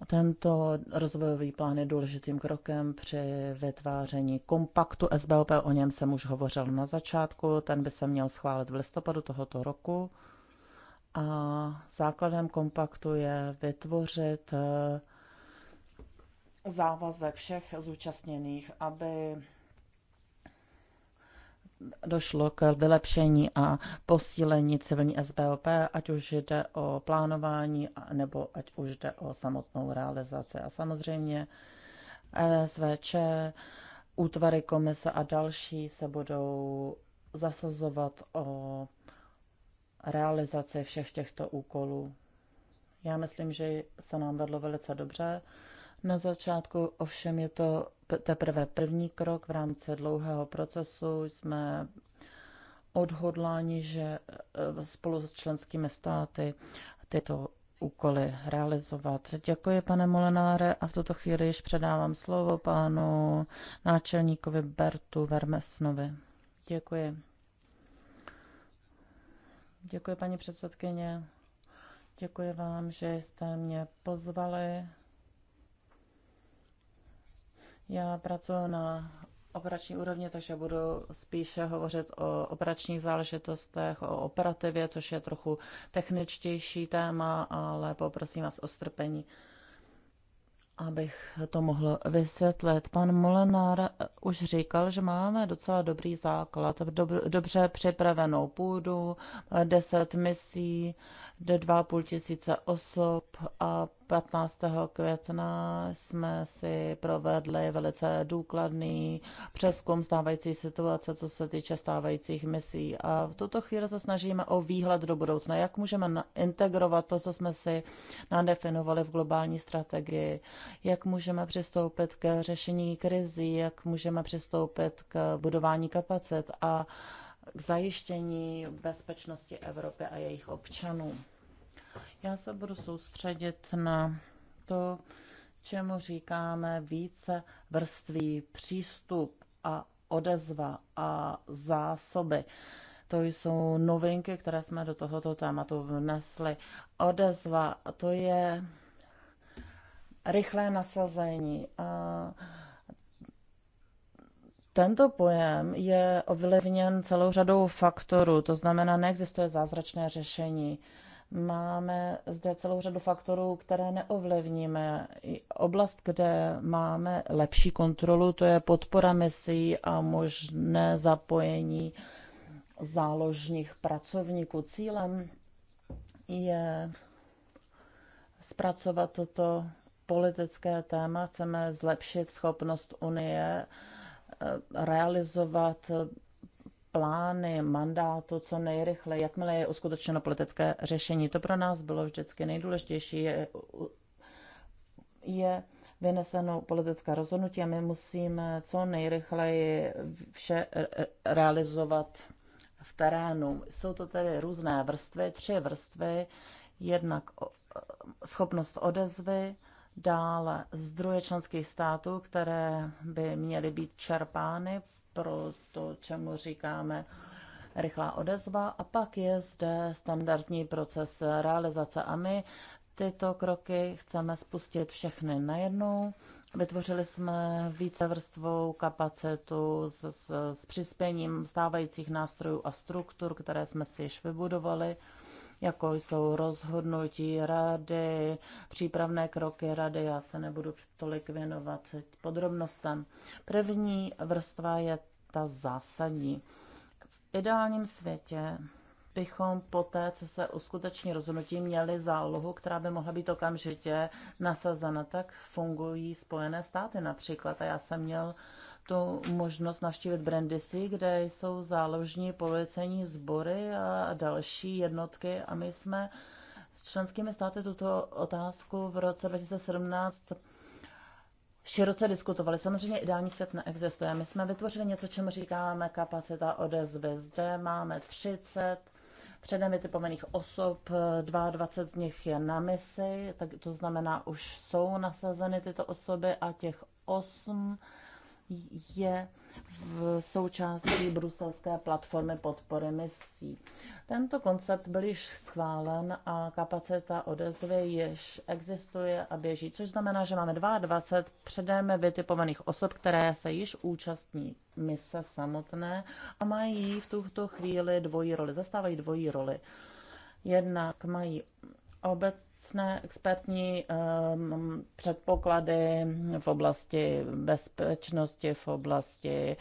Tento rozvojový plán je důležitým krokem při vytváření kompaktu SBOP, o něm jsem už hovořil na začátku, ten by se měl schválit v listopadu tohoto roku. A základem kompaktu je vytvořit eh, závazek všech zúčastněných, aby došlo k vylepšení a posílení civilní SBOP, ať už jde o plánování nebo ať už jde o samotnou realizaci. A samozřejmě eh, SVČ, útvary komise a další se budou zasazovat o realizaci všech těchto úkolů. Já myslím, že se nám vedlo velice dobře. Na začátku ovšem je to teprve první krok v rámci dlouhého procesu. Jsme odhodláni, že e, spolu s členskými státy tyto úkoly realizovat. Děkuji, pane Molenáre, a v tuto chvíli již předávám slovo panu náčelníkovi Bertu Vermesnovi. Děkuji. Děkuji, paní předsedkyně. Děkuji vám, že jste mě pozvali já pracuji na operační úrovni, takže budu spíše hovořit o operačních záležitostech, o operativě, což je trochu techničtější téma, ale poprosím vás o strpení, abych to mohl vysvětlit. Pan Molenár už říkal, že máme docela dobrý základ, dobře připravenou půdu, 10 misí, 2,5 tisíce osob, a 15. května jsme si provedli velice důkladný přeskum stávající situace, co se týče stávajících misí. A v tuto chvíli se snažíme o výhled do budoucna, jak můžeme integrovat to, co jsme si nadefinovali v globální strategii, jak můžeme přistoupit k řešení krizí, jak můžeme přistoupit k budování kapacit a k zajištění bezpečnosti Evropy a jejich občanů. Já se budu soustředit na to, čemu říkáme více vrství přístup a odezva a zásoby. To jsou novinky, které jsme do tohoto tématu vnesli. Odezva, to je rychlé nasazení. A tento pojem je ovlivněn celou řadou faktorů, to znamená, neexistuje zázračné řešení. Máme zde celou řadu faktorů, které neovlivníme. Oblast, kde máme lepší kontrolu, to je podpora misí a možné zapojení záložních pracovníků. Cílem je zpracovat toto politické téma. Chceme zlepšit schopnost Unie eh, realizovat plány mandátu co nejrychleji, jakmile je uskutečněno politické řešení. To pro nás bylo vždycky nejdůležitější. Je, je vyneseno politické rozhodnutí a my musíme co nejrychleji vše realizovat v terénu. Jsou to tedy různé vrstvy, tři vrstvy, jednak schopnost odezvy, dále zdroje členských států, které by měly být čerpány pro to, čemu říkáme rychlá odezva a pak je zde standardní proces realizace a my tyto kroky chceme spustit všechny najednou. Vytvořili jsme vícevrstvou kapacitu s, s, s přispěním stávajících nástrojů a struktur, které jsme si již vybudovali, jako jsou rozhodnutí rady, přípravné kroky rady. Já se nebudu tolik věnovat podrobnostem. První vrstva je ta zásadní. V ideálním světě bychom poté, co se uskuteční rozhodnutí, měli zálohu, která by mohla být okamžitě nasazena. Tak fungují Spojené státy například. A já jsem měl tu možnost navštívit Brandisi, kde jsou záložní policejní sbory a další jednotky. A my jsme s členskými státy tuto otázku v roce 2017 široce diskutovali. Samozřejmě ideální svět neexistuje. My jsme vytvořili něco, čemu říkáme kapacita odezvy. Zde máme 30 předem vytipovaných osob, 22 z nich je na misi, tak to znamená, už jsou nasazeny tyto osoby a těch 8 je v součástí bruselské platformy podpory misí. Tento koncept byl již schválen a kapacita odezvy již existuje a běží, což znamená, že máme 22 předem vytipovaných osob, které se již účastní mise samotné a mají v tuto chvíli dvojí roli, zastávají dvojí roli. Jednak mají obecné expertní um, předpoklady v oblasti bezpečnosti, v oblasti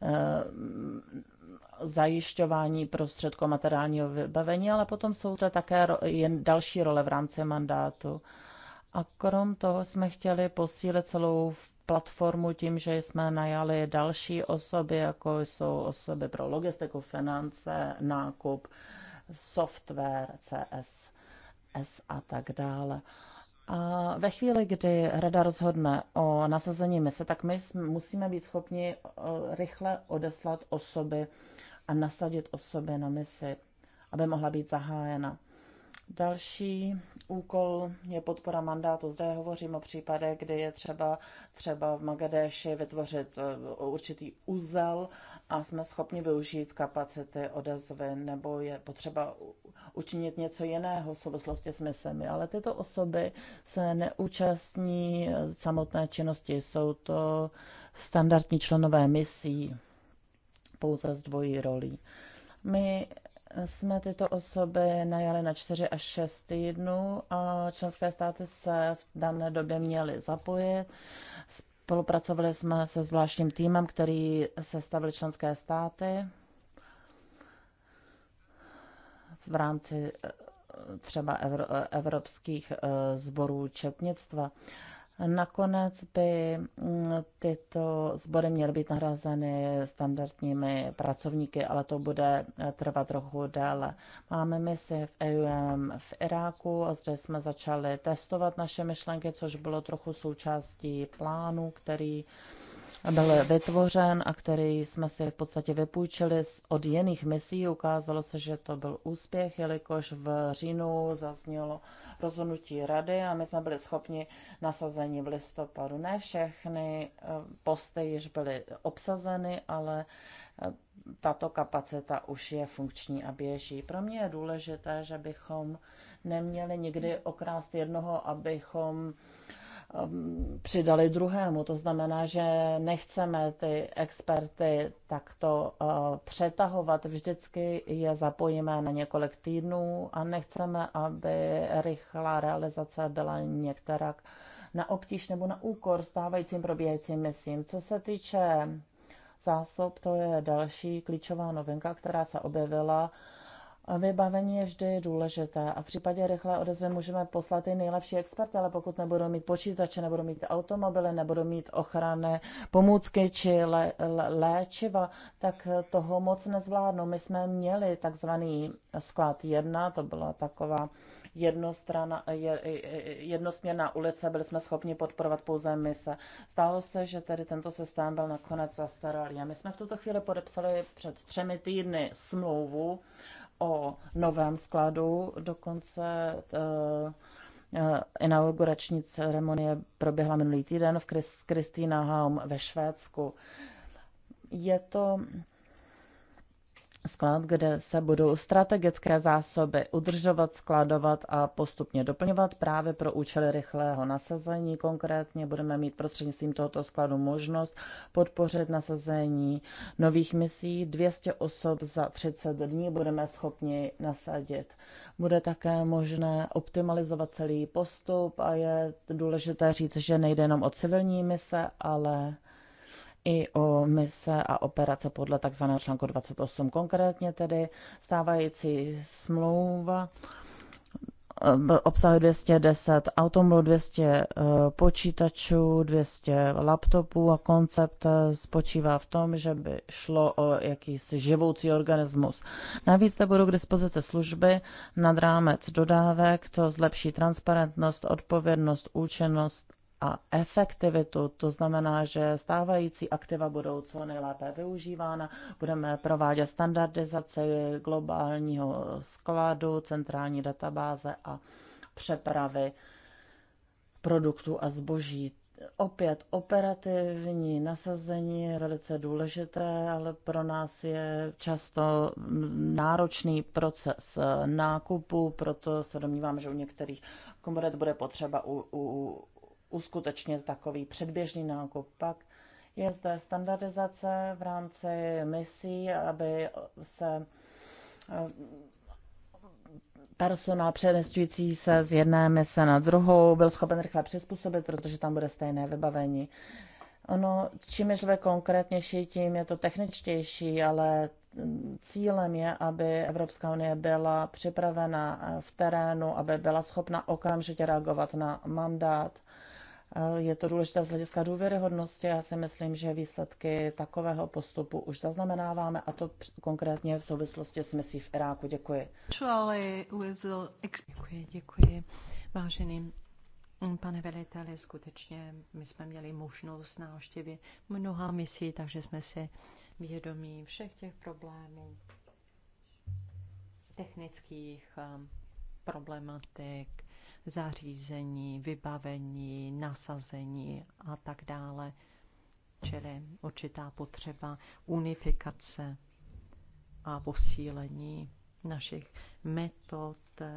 um, zajišťování prostředků materiálního vybavení, ale potom jsou to také jen další role v rámci mandátu. A krom toho jsme chtěli posílit celou platformu tím, že jsme najali další osoby, jako jsou osoby pro logistiku, finance, nákup, software, CS. IS a tak dále. A ve chvíli, kdy rada rozhodne o nasazení mise, tak my musíme být schopni e, rychle odeslat osoby a nasadit osoby na misi, aby mohla být zahájena. Další úkol je podpora mandátu. Zde hovořím o případech, kdy je třeba třeba v Magadéši vytvořit eh, určitý úzel a jsme schopni využít kapacity odezvy, nebo je potřeba učinit něco jiného v souvislosti s misemi. Ale tyto osoby se neúčastní samotné činnosti. Jsou to standardní členové misí pouze s dvojí rolí. My jsme tyto osoby najali na 4 až 6 týdnů a členské státy se v dané době měly zapojit. Spolupracovali jsme se zvláštním týmem, který se stavili členské státy v rámci eh, třeba eh, evropských eh, sborů četnictva. Nakonec by mm, tyto sbory měly být nahrazeny standardními pracovníky, ale to bude eh, trvat trochu déle. Máme misi v EUM v Iráku, a zde jsme začali testovat naše myšlenky, což bylo trochu součástí plánu, který byl vytvořen a který jsme si v podstatě vypůjčili od jiných misí. Ukázalo se, že to byl úspěch, jelikož v říjnu zaznělo rozhodnutí rady a my jsme byli schopni nasazení v listopadu. Ne všechny eh, posty již byly obsazeny, ale eh, tato kapacita už je funkční a běží. Pro mě je důležité, že bychom neměli nikdy okrást jednoho, abychom Um, přidali druhému. To znamená, že nechceme ty experty takto uh, přetahovat. Vždycky je zapojíme na několik týdnů a nechceme, aby rychlá realizace byla některak na obtíž nebo na úkor stávajícím probíhajícím misím. Co se týče zásob, to je další klíčová novinka, která se objevila Vybavení je vždy důležité a v případě rychlé odezvy můžeme poslat i nejlepší experty, ale pokud nebudou mít počítače, nebudou mít automobily, nebudou mít ochranné pomůcky či lé, léčiva, tak toho moc nezvládnou. My jsme měli takzvaný sklad 1, to byla taková jednostrana, jednosměrná ulice, byli jsme schopni podporovat pouze mise. Stálo se, že tedy tento systém byl nakonec zastaralý. A my jsme v tuto chvíli podepsali před třemi týdny smlouvu o novém skladu, dokonce eh, eh, inaugurační ceremonie proběhla minulý týden v Kristýna Haum ve Švédsku. Je to sklad, kde se budou strategické zásoby udržovat, skladovat a postupně doplňovat právě pro účely rychlého nasazení. Konkrétně budeme mít prostřednictvím tohoto skladu možnost podpořit nasazení nových misí. 200 osob za 30 dní budeme schopni nasadit. Bude také možné optimalizovat celý postup a je důležité říct, že nejde jenom o civilní mise, ale i o mise a operace podle tzv. článku 28. Konkrétně tedy stávající smlouva eh, obsahuje 210 automobilů, 200 eh, počítačů, 200 laptopů a koncept eh, spočívá v tom, že by šlo o jakýsi živoucí organismus. Navíc zde budou k dispozici služby nad rámec dodávek, to zlepší transparentnost, odpovědnost, účinnost a efektivitu. To znamená, že stávající aktiva budou co nejlépe využívána. Budeme provádět standardizaci globálního skladu, centrální databáze a přepravy produktů a zboží. Opět operativní nasazení je velice důležité, ale pro nás je často náročný proces nákupu, proto se domnívám, že u některých komodit bude potřeba u, u, uskutečnit takový předběžný nákup. Pak je zde standardizace v rámci misí, aby se eh, personál přeměstňující se z jedné mise na druhou byl schopen rychle přizpůsobit, protože tam bude stejné vybavení. Ono, čím je člověk konkrétnější, tím je to techničtější, ale cílem je, aby Evropská unie byla připravena eh, v terénu, aby byla schopna okamžitě reagovat na mandát Eh, je to důležité z hlediska důvěryhodnosti. Já si myslím, že výsledky takového postupu už zaznamenáváme a to konkrétně v souvislosti s misí v Iráku. Děkuji. Děkuji, děkuji. Vážený Pane veliteli, skutečně my jsme měli možnost návštěvy mnoha misí, takže jsme si vědomí všech těch problémů, technických eh, problematik, zařízení, vybavení, nasazení a tak dále. Čili určitá potřeba unifikace a posílení našich metod,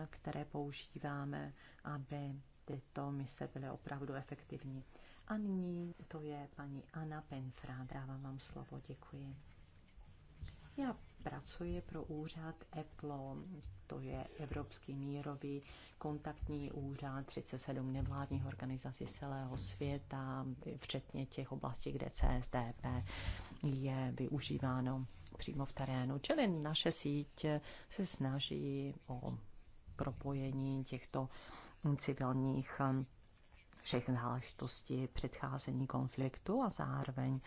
které používáme, aby tyto mise byly opravdu efektivní. A nyní to je paní Anna Penfra. Dávám vám slovo, děkuji. Já pracuji pro úřad EPLO, to je Evropský mírový kontaktní úřad, 37 nevládních organizací celého světa, včetně těch oblastí, kde CSDP je využíváno přímo v terénu. Čili naše síť se snaží o propojení těchto civilních hm, všech záležitostí předcházení konfliktu a zároveň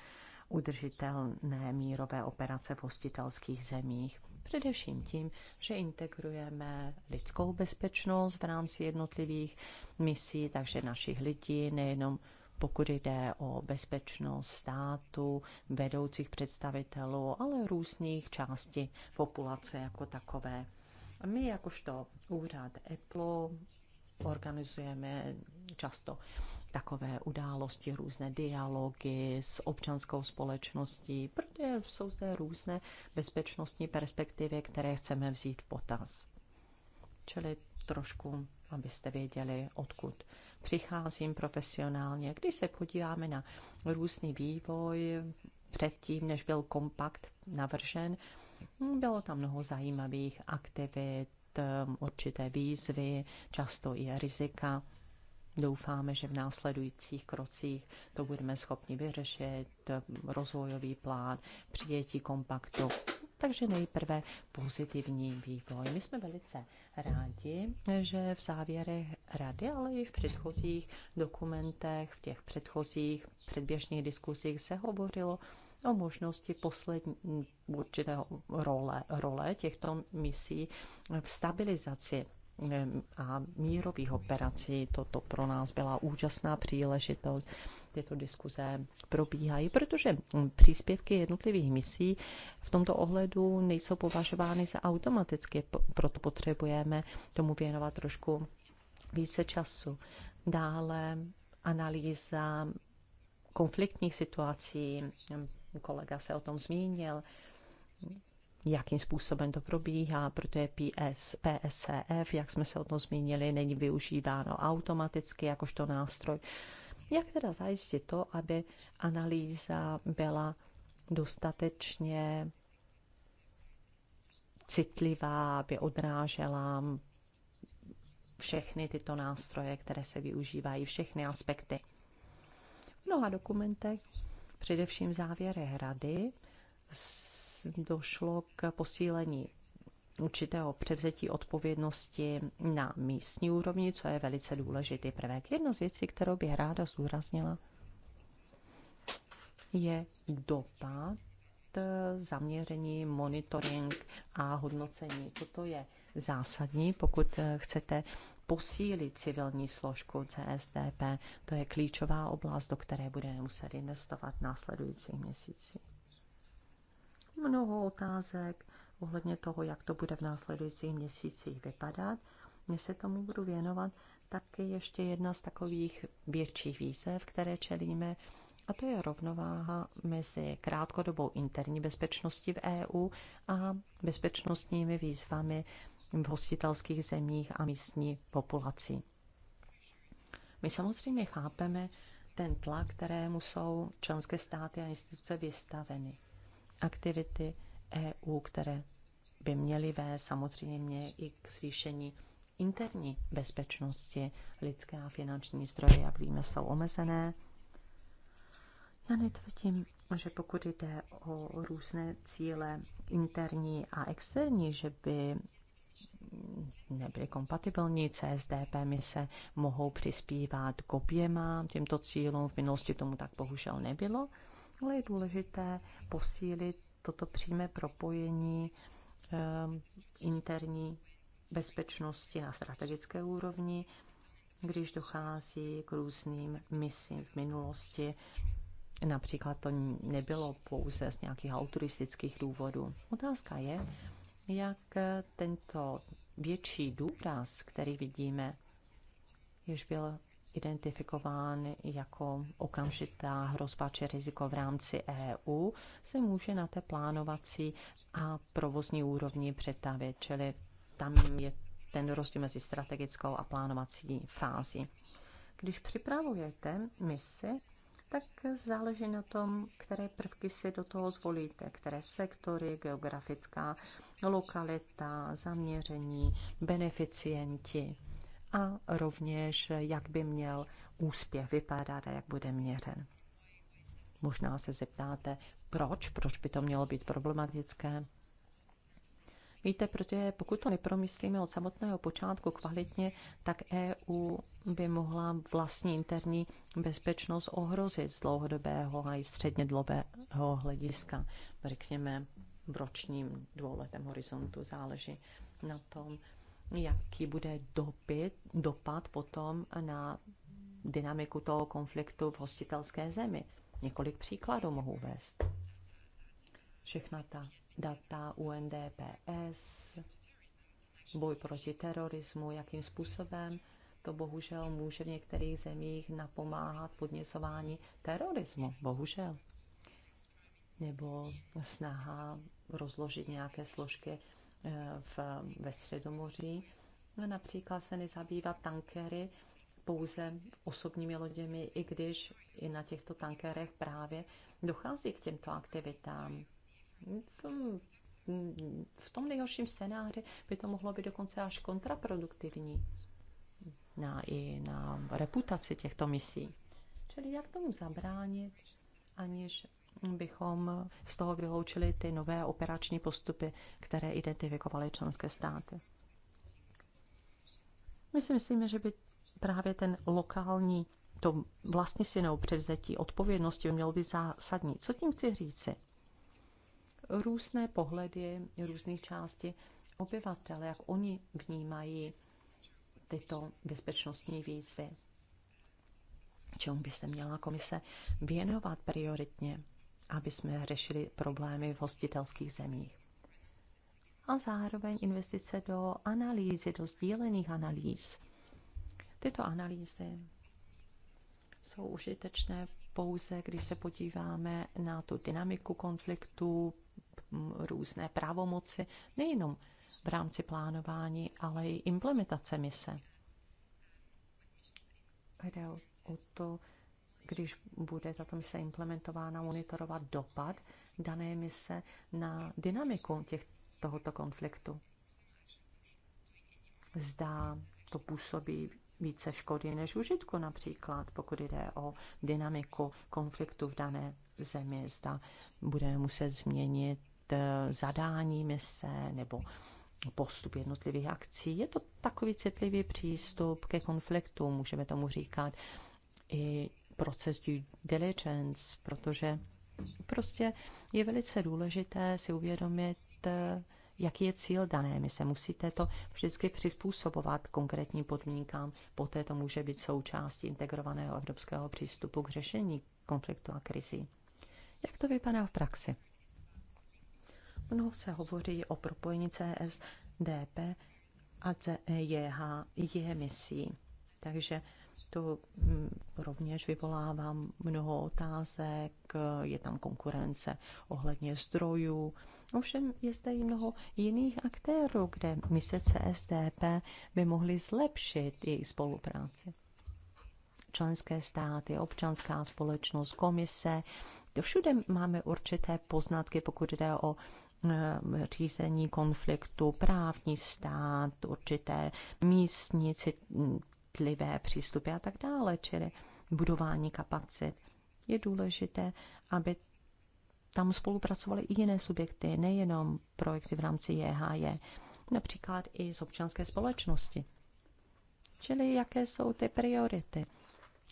udržitelné mírové operace v hostitelských zemích. Především tím, že integrujeme lidskou bezpečnost v rámci jednotlivých misí, takže našich lidí, nejenom pokud jde o bezpečnost státu, vedoucích představitelů, ale různých částí populace jako takové. My jakožto úřad EPLO organizujeme často takové události, různé dialogy s občanskou společností, protože jsou zde různé bezpečnostní perspektivy, které chceme vzít v potaz. Čili trošku, abyste věděli, odkud přicházím profesionálně. Když se podíváme na různý vývoj předtím, než byl kompakt navržen, bylo tam mnoho zajímavých aktivit, určité výzvy, často i rizika. Doufáme, že v následujících krocích to budeme schopni vyřešit, rozvojový plán, přijetí kompaktu. Takže nejprve pozitivní vývoj. My jsme velice rádi, že v závěrech rady, ale i v předchozích dokumentech, v těch předchozích předběžných diskusích se hovořilo o možnosti poslední určitého role, role těchto misí v stabilizaci a mírových operací. Toto pro nás byla úžasná příležitost. Tyto diskuze probíhají, protože mm, příspěvky jednotlivých misí v tomto ohledu nejsou považovány za automaticky, proto potřebujeme tomu věnovat trošku více času. Dále analýza konfliktních situací, kolega se o tom zmínil, jakým způsobem to probíhá, protože PS, PSCF, e jak jsme se o tom zmínili, není využíváno automaticky jakožto nástroj. Jak teda zajistit to, aby analýza byla dostatečně citlivá, aby odrážela všechny tyto nástroje, které se využívají, všechny aspekty. V mnoha dokumentech, především závěry rady, došlo k posílení určitého převzetí odpovědnosti na místní úrovni, co je velice důležitý prvek. Jedna z věcí, kterou bych ráda zdůraznila, je dopad eh, zaměření, monitoring a hodnocení. Toto je zásadní, pokud eh, chcete posílit civilní složku CSDP. To je klíčová oblast, do které budeme muset investovat v následujících měsících mnoho otázek ohledně toho, jak to bude v následujících měsících vypadat. Než se tomu budu věnovat, taky ještě jedna z takových větších výzev, které čelíme, a to je rovnováha mezi krátkodobou interní bezpečnosti v EU a bezpečnostními výzvami v hostitelských zemích a místní populací. My samozřejmě chápeme ten tlak, kterému jsou členské státy a instituce vystaveny aktivity EU, které by měly vést samozřejmě i k zvýšení interní bezpečnosti. Lidské a finanční zdroje, jak víme, jsou omezené. Já netvrdím, že pokud jde o různé cíle interní a externí, že by nebyly kompatibilní. CSDP mise mohou přispívat k oběma těmto cílům. V minulosti tomu tak bohužel nebylo ale je důležité posílit toto přímé propojení ehm, interní bezpečnosti na strategické úrovni, když dochází k různým misím v minulosti. Například to nebylo pouze z nějakých autoristických důvodů. Otázka je, jak tento větší důraz, který vidíme, jež byl identifikován jako okamžitá hrozba či riziko v rámci EU, se může na té plánovací a provozní úrovni přetavit, čili tam je ten rozdíl mezi strategickou a plánovací fází. Když připravujete misi, tak záleží na tom, které prvky si do toho zvolíte, které sektory, geografická lokalita, zaměření, beneficienti a rovněž, jak by měl úspěch vypadat a jak bude měřen. Možná se zeptáte, proč? Proč by to mělo být problematické? Víte, protože pokud to nepromyslíme od samotného počátku kvalitně, tak EU by mohla vlastní interní bezpečnost ohrozit z dlouhodobého a i středně dlouhého hlediska, řekněme v ročním dvouletém horizontu záleží na tom, jaký bude dopyt, dopad potom na dynamiku toho konfliktu v hostitelské zemi. Několik příkladů mohu vést. Všechna ta data UNDPS, boj proti terorismu, jakým způsobem to bohužel může v některých zemích napomáhat podněcování terorismu. Bohužel. Nebo snaha rozložit nějaké složky Eh, v, ve Středomoří. No, například se nezabývá tankery pouze osobními loděmi, i když i na těchto tankerech právě dochází k těmto aktivitám. V, v tom nejhorším scénáři by to mohlo být dokonce až kontraproduktivní na, i na reputaci těchto misí. Čili jak tomu zabránit, aniž bychom z toho vyloučili ty nové operační postupy, které identifikovaly členské státy. My si myslíme, že by právě ten lokální, to vlastně si převzetí odpovědnosti mělo být zásadní. Co tím chci říci? Různé pohledy různých částí obyvatel, jak oni vnímají tyto bezpečnostní výzvy. Čemu by se měla komise věnovat prioritně? aby jsme řešili problémy v hostitelských zemích. A zároveň investice do analýzy, do sdílených analýz. Tyto analýzy jsou užitečné pouze, když se podíváme na tu dynamiku konfliktu, různé pravomoci, nejenom v rámci plánování, ale i implementace mise. Jde o to, když bude tato mise implementována, monitorovat dopad dané mise na dynamiku těch, tohoto konfliktu. Zdá to působí více škody než užitku například, pokud jde o dynamiku konfliktu v dané zemi. Zda bude muset změnit eh, zadání mise nebo postup jednotlivých akcí. Je to takový citlivý přístup ke konfliktu, můžeme tomu říkat i proces due diligence, protože prostě je velice důležité si uvědomit, jaký je cíl dané se Musíte to vždycky přizpůsobovat konkrétním podmínkám. Poté to může být součástí integrovaného evropského přístupu k řešení konfliktu a krizí. Jak to vypadá v praxi? Mnoho se hovoří o propojení CSDP a CEJH je misí. Takže to hm, rovněž vyvolává mnoho otázek, je tam konkurence ohledně zdrojů. Ovšem je zde i mnoho jiných aktérů, kde mise CSDP by mohly zlepšit jejich spolupráci. Členské státy, občanská společnost, komise, to všude máme určité poznatky, pokud jde o hm, řízení konfliktu, právní stát, určité místní hm, citlivé přístupy a tak dále, čili budování kapacit. Je důležité, aby tam spolupracovaly i jiné subjekty, nejenom projekty v rámci JHJ, například i z občanské společnosti. Čili jaké jsou ty priority?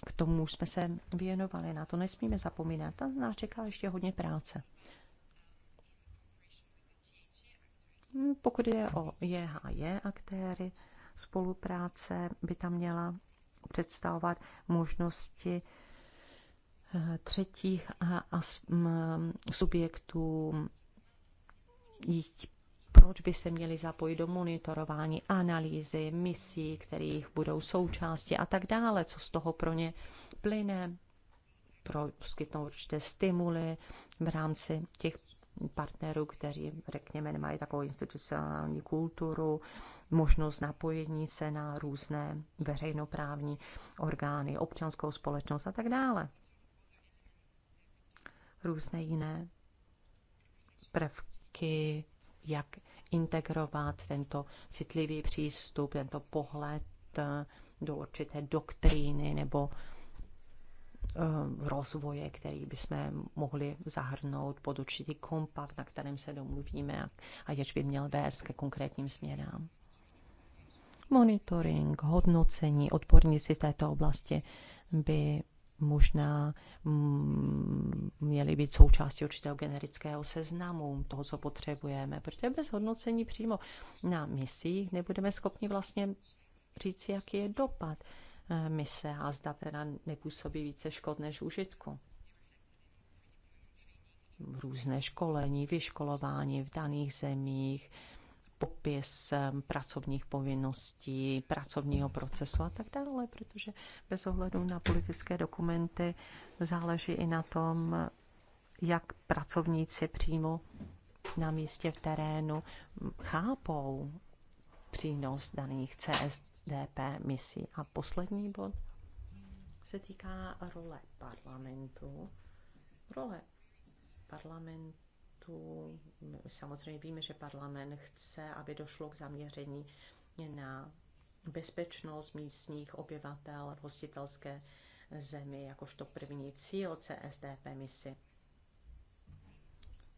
K tomu už jsme se věnovali, na to nesmíme zapomínat. Tam nás čeká ještě hodně práce. Pokud je o JHJ aktéry, spolupráce by tam měla představovat možnosti eh, třetích a, a subjektů, jít, proč by se měli zapojit do monitorování, analýzy, misí, kterých budou součástí a tak dále, co z toho pro ně plyne, pro určité stimuly v rámci těch partnerů, kteří, řekněme, nemají takovou institucionální kulturu, možnost napojení se na různé veřejnoprávní orgány, občanskou společnost a tak dále. Různé jiné prvky, jak integrovat tento citlivý přístup, tento pohled do určité doktríny nebo Eh, rozvoje, který bychom mohli zahrnout pod určitý kompakt, na kterém se domluvíme a jež by měl vést ke konkrétním směrám. Monitoring, hodnocení, odborníci v této oblasti by možná mm, měly být součástí určitého generického seznamu toho, co potřebujeme, protože bez hodnocení přímo na misích nebudeme schopni vlastně říct, jaký je dopad. Eh, mise a zda teda nepůsobí více škod než užitku. Různé školení, vyškolování v daných zemích, popis eh, pracovních povinností, pracovního procesu a tak dále, protože bez ohledu na politické dokumenty záleží i na tom, jak pracovníci přímo na místě v terénu chápou přínos daných CS, SDP misi A poslední bod se týká role parlamentu. Role parlamentu, samozřejmě víme, že parlament chce, aby došlo k zaměření na bezpečnost místních obyvatel v hostitelské zemi jakožto první cíl CSDP misi.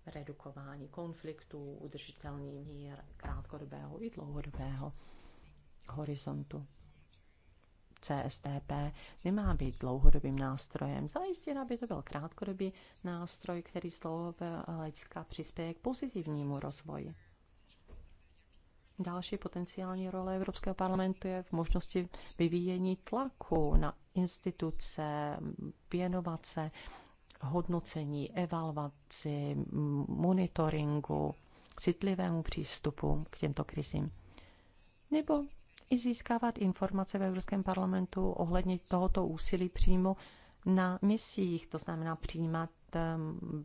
Redukování konfliktů, udržitelný mír krátkodobého i dlouhodobého horizontu CSTP nemá být dlouhodobým nástrojem. Zajistit, aby to byl krátkodobý nástroj, který z dlouhodobého hlediska přispěje k pozitivnímu rozvoji. Další potenciální role Evropského parlamentu je v možnosti vyvíjení tlaku na instituce, věnovat se hodnocení, evaluaci, monitoringu, citlivému přístupu k těmto krizím. Nebo i získávat informace v Evropském parlamentu ohledně tohoto úsilí přímo na misích, to znamená přijímat ehm,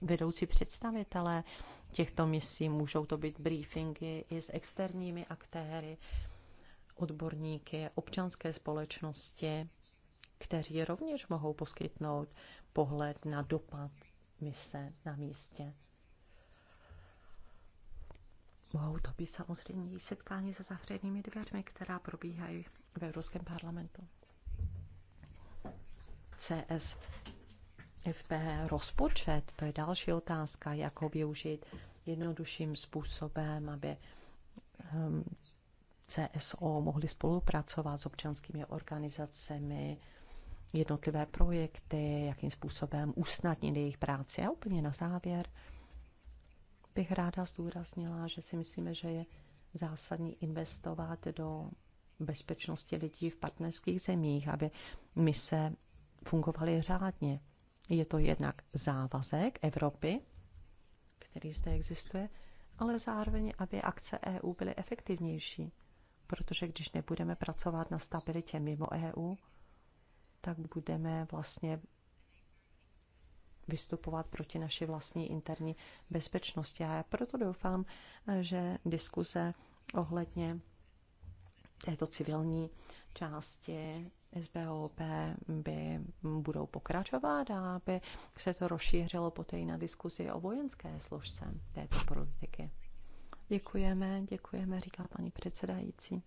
vedoucí představitelé těchto misí, můžou to být briefingy i s externími aktéry, odborníky, občanské společnosti, kteří rovněž mohou poskytnout pohled na dopad mise na místě. Mohou to být samozřejmě i setkání se zavřenými dveřmi, která probíhají v Evropském parlamentu. CS rozpočet, to je další otázka, jak ho využít jednodušším způsobem, aby ehm, CSO mohli spolupracovat s občanskými organizacemi, jednotlivé projekty, jakým způsobem usnadnit jejich práci. A úplně na závěr, bych ráda zdůraznila, že si myslíme, že je zásadní investovat do bezpečnosti lidí v partnerských zemích, aby mise fungovaly řádně. Je to jednak závazek Evropy, který zde existuje, ale zároveň, aby akce EU byly efektivnější. Protože když nebudeme pracovat na stabilitě mimo EU, tak budeme vlastně vystupovat proti naší vlastní interní bezpečnosti. A já proto doufám, že diskuze ohledně této civilní části SBOP by budou pokračovat a aby se to rozšířilo poté i na diskuzi o vojenské složce této politiky. Děkujeme, děkujeme, říká paní předsedající.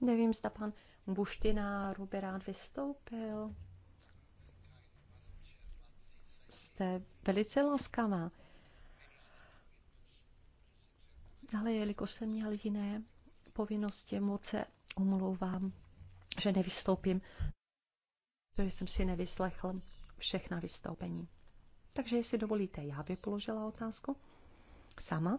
Nevím, zda pan Buština by rád vystoupil jste velice laskavá. Ale jelikož jsem měl jiné povinnosti, moc se omlouvám, že nevystoupím, protože jsem si nevyslechl všechna vystoupení. Takže jestli dovolíte, já bych položila otázku sama.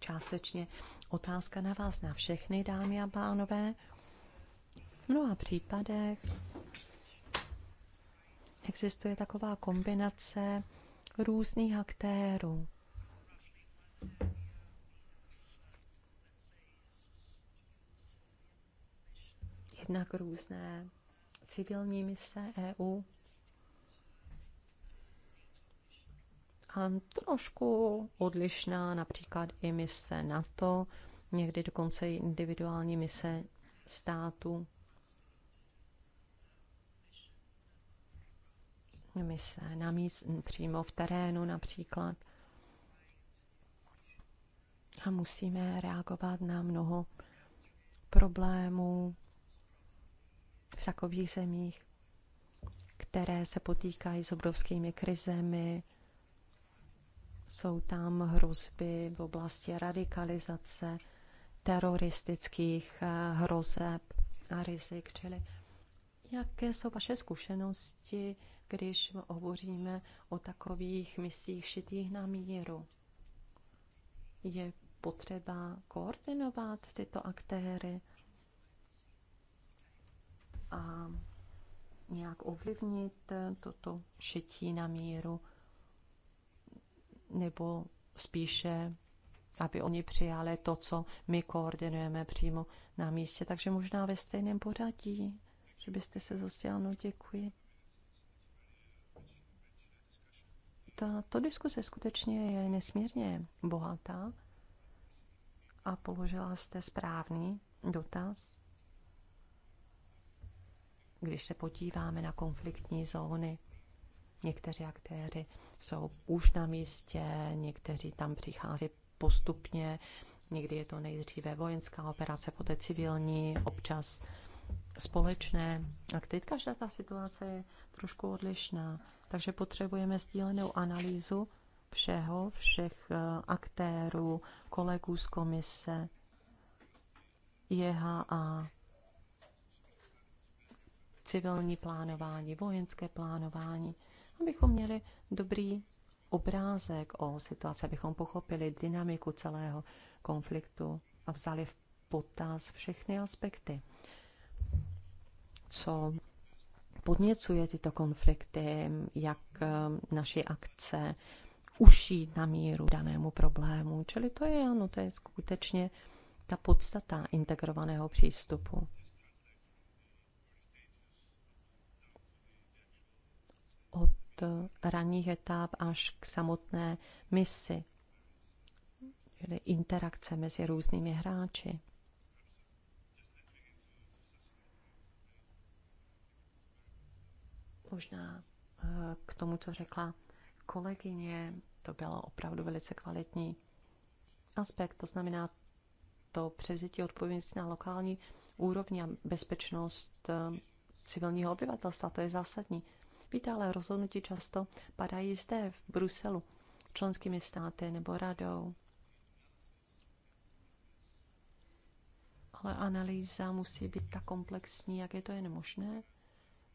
Částečně otázka na vás, na všechny, dámy a pánové. No v mnoha případech existuje taková kombinace různých aktérů. Jednak různé civilní mise EU. A trošku odlišná například i mise NATO, někdy dokonce i individuální mise státu mise na míst, přímo v terénu například. A musíme reagovat na mnoho problémů v takových zemích, které se potýkají s obrovskými krizemi. Jsou tam hrozby v oblasti radikalizace, teroristických eh, hrozeb a rizik. Čili jaké jsou vaše zkušenosti když hovoříme o takových misích šitých na míru. Je potřeba koordinovat tyto aktéry a nějak ovlivnit toto šití na míru, nebo spíše, aby oni přijali to, co my koordinujeme přímo na místě. Takže možná ve stejném pořadí, že byste se no děkuji. Tato diskuse skutečně je nesmírně bohatá a položila jste správný dotaz. Když se podíváme na konfliktní zóny, někteří aktéři jsou už na místě, někteří tam přichází postupně, někdy je to nejdříve vojenská operace, poté civilní, občas společné. A teď každá ta situace je trošku odlišná. Takže potřebujeme sdílenou analýzu všeho, všech eh, aktérů, kolegů z komise, JHA, civilní plánování, vojenské plánování, abychom měli dobrý obrázek o situaci, abychom pochopili dynamiku celého konfliktu a vzali v potaz všechny aspekty. Co podněcuje tyto konflikty, jak eh, naše akce ušít na míru danému problému. Čili to je, ano, to je skutečně ta podstata integrovaného přístupu. Od ranních etap až k samotné misi, interakce mezi různými hráči. Možná eh, k tomu, co řekla kolegyně, to bylo opravdu velice kvalitní aspekt, to znamená to převzetí odpovědnosti na lokální úrovni a bezpečnost eh, civilního obyvatelstva, to je zásadní. Víte, ale rozhodnutí často padají zde, v Bruselu, členskými státy nebo radou. Ale analýza musí být tak komplexní, jak je to jen možné.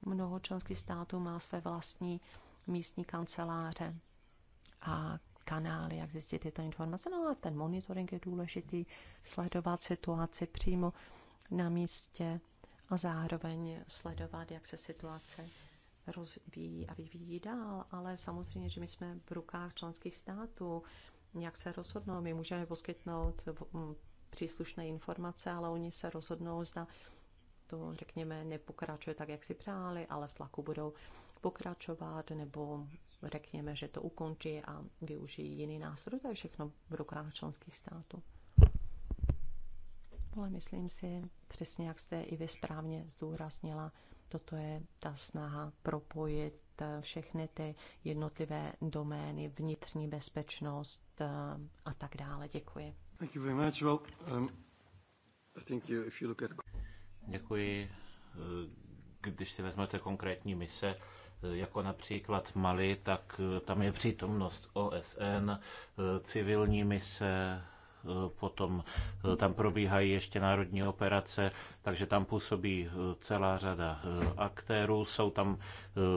Mnoho členských států má své vlastní místní kanceláře a kanály, jak zjistit tyto informace. No a ten monitoring je důležitý, sledovat situaci přímo na místě a zároveň sledovat, jak se situace rozvíjí a vyvíjí dál, ale samozřejmě, že my jsme v rukách členských států, jak se rozhodnou. My můžeme poskytnout příslušné informace, ale oni se rozhodnou, zda to, řekněme, nepokračuje tak, jak si přáli, ale v tlaku budou pokračovat nebo řekněme, že to ukončí a využijí jiný nástroj. To je všechno v rukách členských států. Ale myslím si, přesně jak jste i vy správně zdůraznila, toto je ta snaha propojit eh, všechny ty jednotlivé domény, vnitřní bezpečnost eh, a tak dále. Děkuji. Thank you very much. Well, um, I think you, if you look at Děkuji. Když si vezmete konkrétní mise, jako například Mali, tak tam je přítomnost OSN, civilní mise, potom tam probíhají ještě národní operace, takže tam působí celá řada aktérů, jsou tam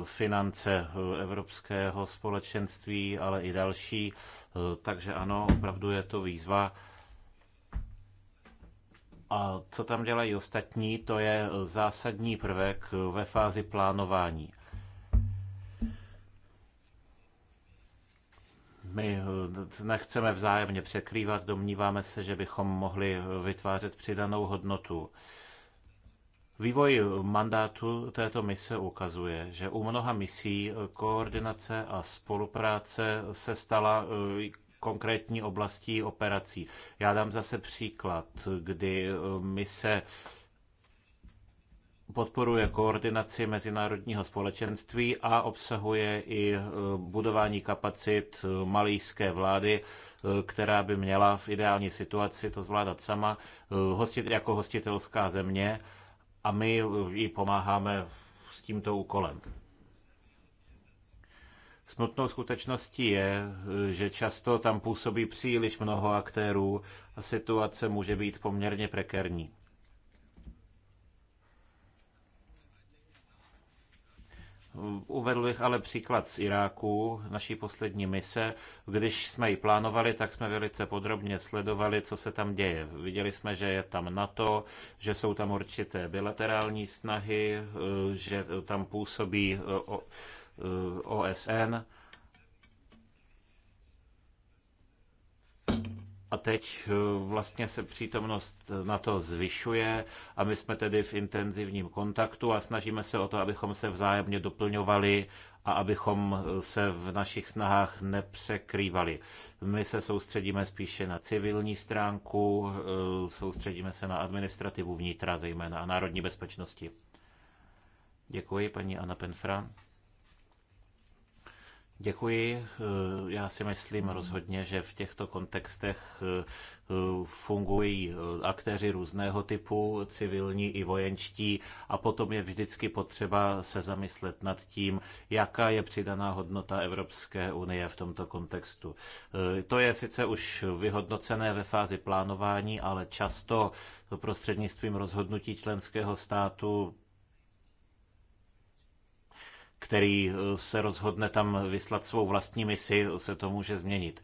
finance Evropského společenství, ale i další, takže ano, opravdu je to výzva a co tam dělají ostatní, to je zásadní prvek ve fázi plánování. My eh, nechceme vzájemně překrývat, domníváme se, že bychom mohli vytvářet přidanou hodnotu. Vývoj mandátu této mise ukazuje, že u mnoha misí koordinace a spolupráce se stala eh, konkrétní oblastí operací. Já dám zase příklad, kdy eh, my se podporuje koordinaci mezinárodního společenství a obsahuje i eh, budování kapacit eh, malijské vlády, která by měla v ideální situaci to zvládat sama hostit, jako hostitelská země a my ji pomáháme s tímto úkolem. Smutnou skutečností je, že často tam působí příliš mnoho aktérů a situace může být poměrně prekerní. Uvedl bych ale příklad z Iráku, naší poslední mise. Když jsme ji plánovali, tak jsme velice podrobně sledovali, co se tam děje. Viděli jsme, že je tam NATO, že jsou tam určité bilaterální snahy, že tam působí Eh, OSN. A teď eh, vlastně se přítomnost na to zvyšuje a my jsme tedy v intenzivním kontaktu a snažíme se o to, abychom se vzájemně doplňovali a abychom se v našich snahách nepřekrývali. My se soustředíme spíše na civilní stránku, eh, soustředíme se na administrativu vnitra, zejména a národní bezpečnosti. Děkuji, paní Anna Penfra. Děkuji. Eh, já si myslím rozhodně, že v těchto kontextech eh, fungují eh, aktéři různého typu, civilní i vojenčtí, a potom je vždycky potřeba se zamyslet nad tím, jaká je přidaná hodnota Evropské unie v tomto kontextu. To je sice už vyhodnocené ve fázi plánování, ale často prostřednictvím rozhodnutí členského státu který eh, se rozhodne tam vyslat svou vlastní misi, se to může změnit.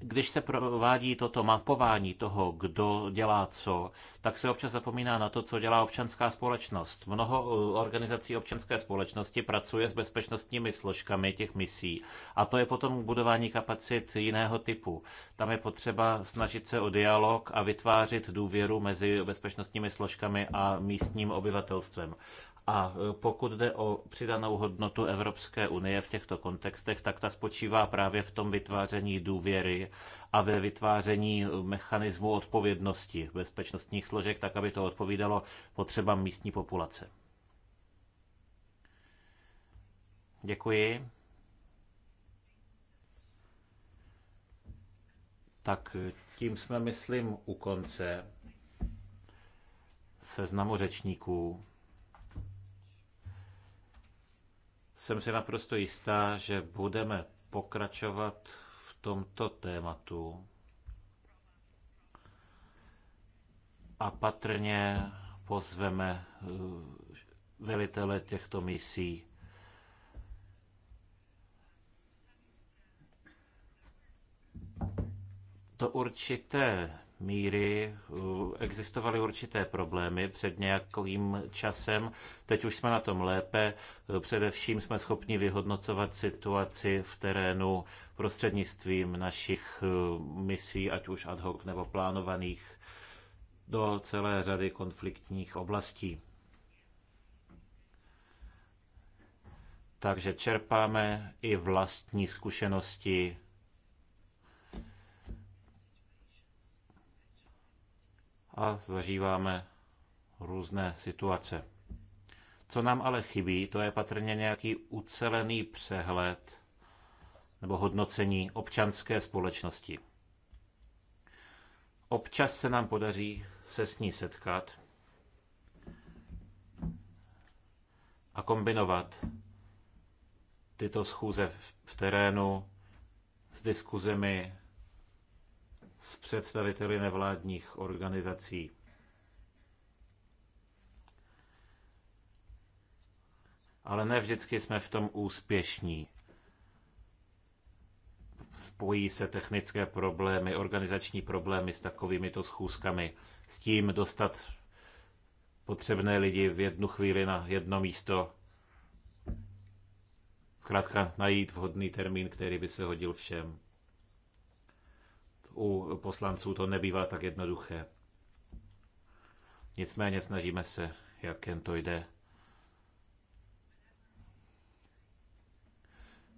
Když se provádí toto mapování toho, kdo dělá co, tak se občas zapomíná na to, co dělá občanská společnost. Mnoho eh, organizací občanské společnosti pracuje s bezpečnostními složkami těch misí a to je potom budování kapacit jiného typu. Tam je potřeba snažit se o dialog a vytvářet důvěru mezi bezpečnostními složkami a místním obyvatelstvem. A e, pokud jde o přidanou hodnotu Evropské unie v těchto kontextech, tak ta spočívá právě v tom vytváření důvěry a ve vytváření e, mechanismu odpovědnosti bezpečnostních složek, tak aby to odpovídalo potřebám místní populace. Děkuji. Tak e, tím jsme, myslím, u konce seznamu řečníků. jsem si naprosto jistá, že budeme pokračovat v tomto tématu a patrně pozveme eh, velitele těchto misí. To určité míry eh, existovaly určité problémy před nějakým časem. Teď už jsme na tom lépe. Eh, především jsme schopni vyhodnocovat situaci v terénu prostřednictvím našich eh, misí, ať už ad hoc nebo plánovaných, do celé řady konfliktních oblastí. Takže čerpáme i vlastní zkušenosti a zažíváme různé situace. Co nám ale chybí, to je patrně nějaký ucelený přehled nebo hodnocení občanské společnosti. Občas se nám podaří se s ní setkat a kombinovat tyto schůze v terénu s diskuzemi s představiteli nevládních organizací. Ale ne vždycky jsme v tom úspěšní. Spojí se technické problémy, organizační problémy s takovýmito schůzkami. S tím dostat potřebné lidi v jednu chvíli na jedno místo. Zkrátka najít vhodný termín, který by se hodil všem u poslanců to nebývá tak jednoduché. Nicméně snažíme se, jak jen to jde.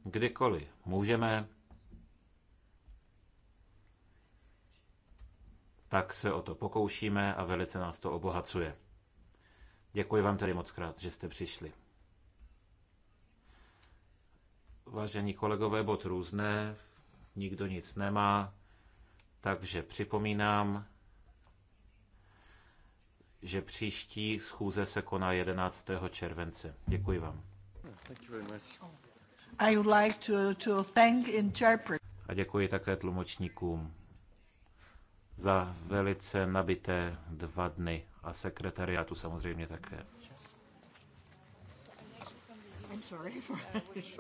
Kdykoliv můžeme, tak se o to pokoušíme a velice nás to obohacuje. Děkuji vám tedy moc krát, že jste přišli. Vážení kolegové, bod různé, nikdo nic nemá. Takže připomínám, že příští schůze se koná 11. července. Děkuji vám. A děkuji také tlumočníkům za velice nabité dva dny a sekretariátu samozřejmě také. I'm sorry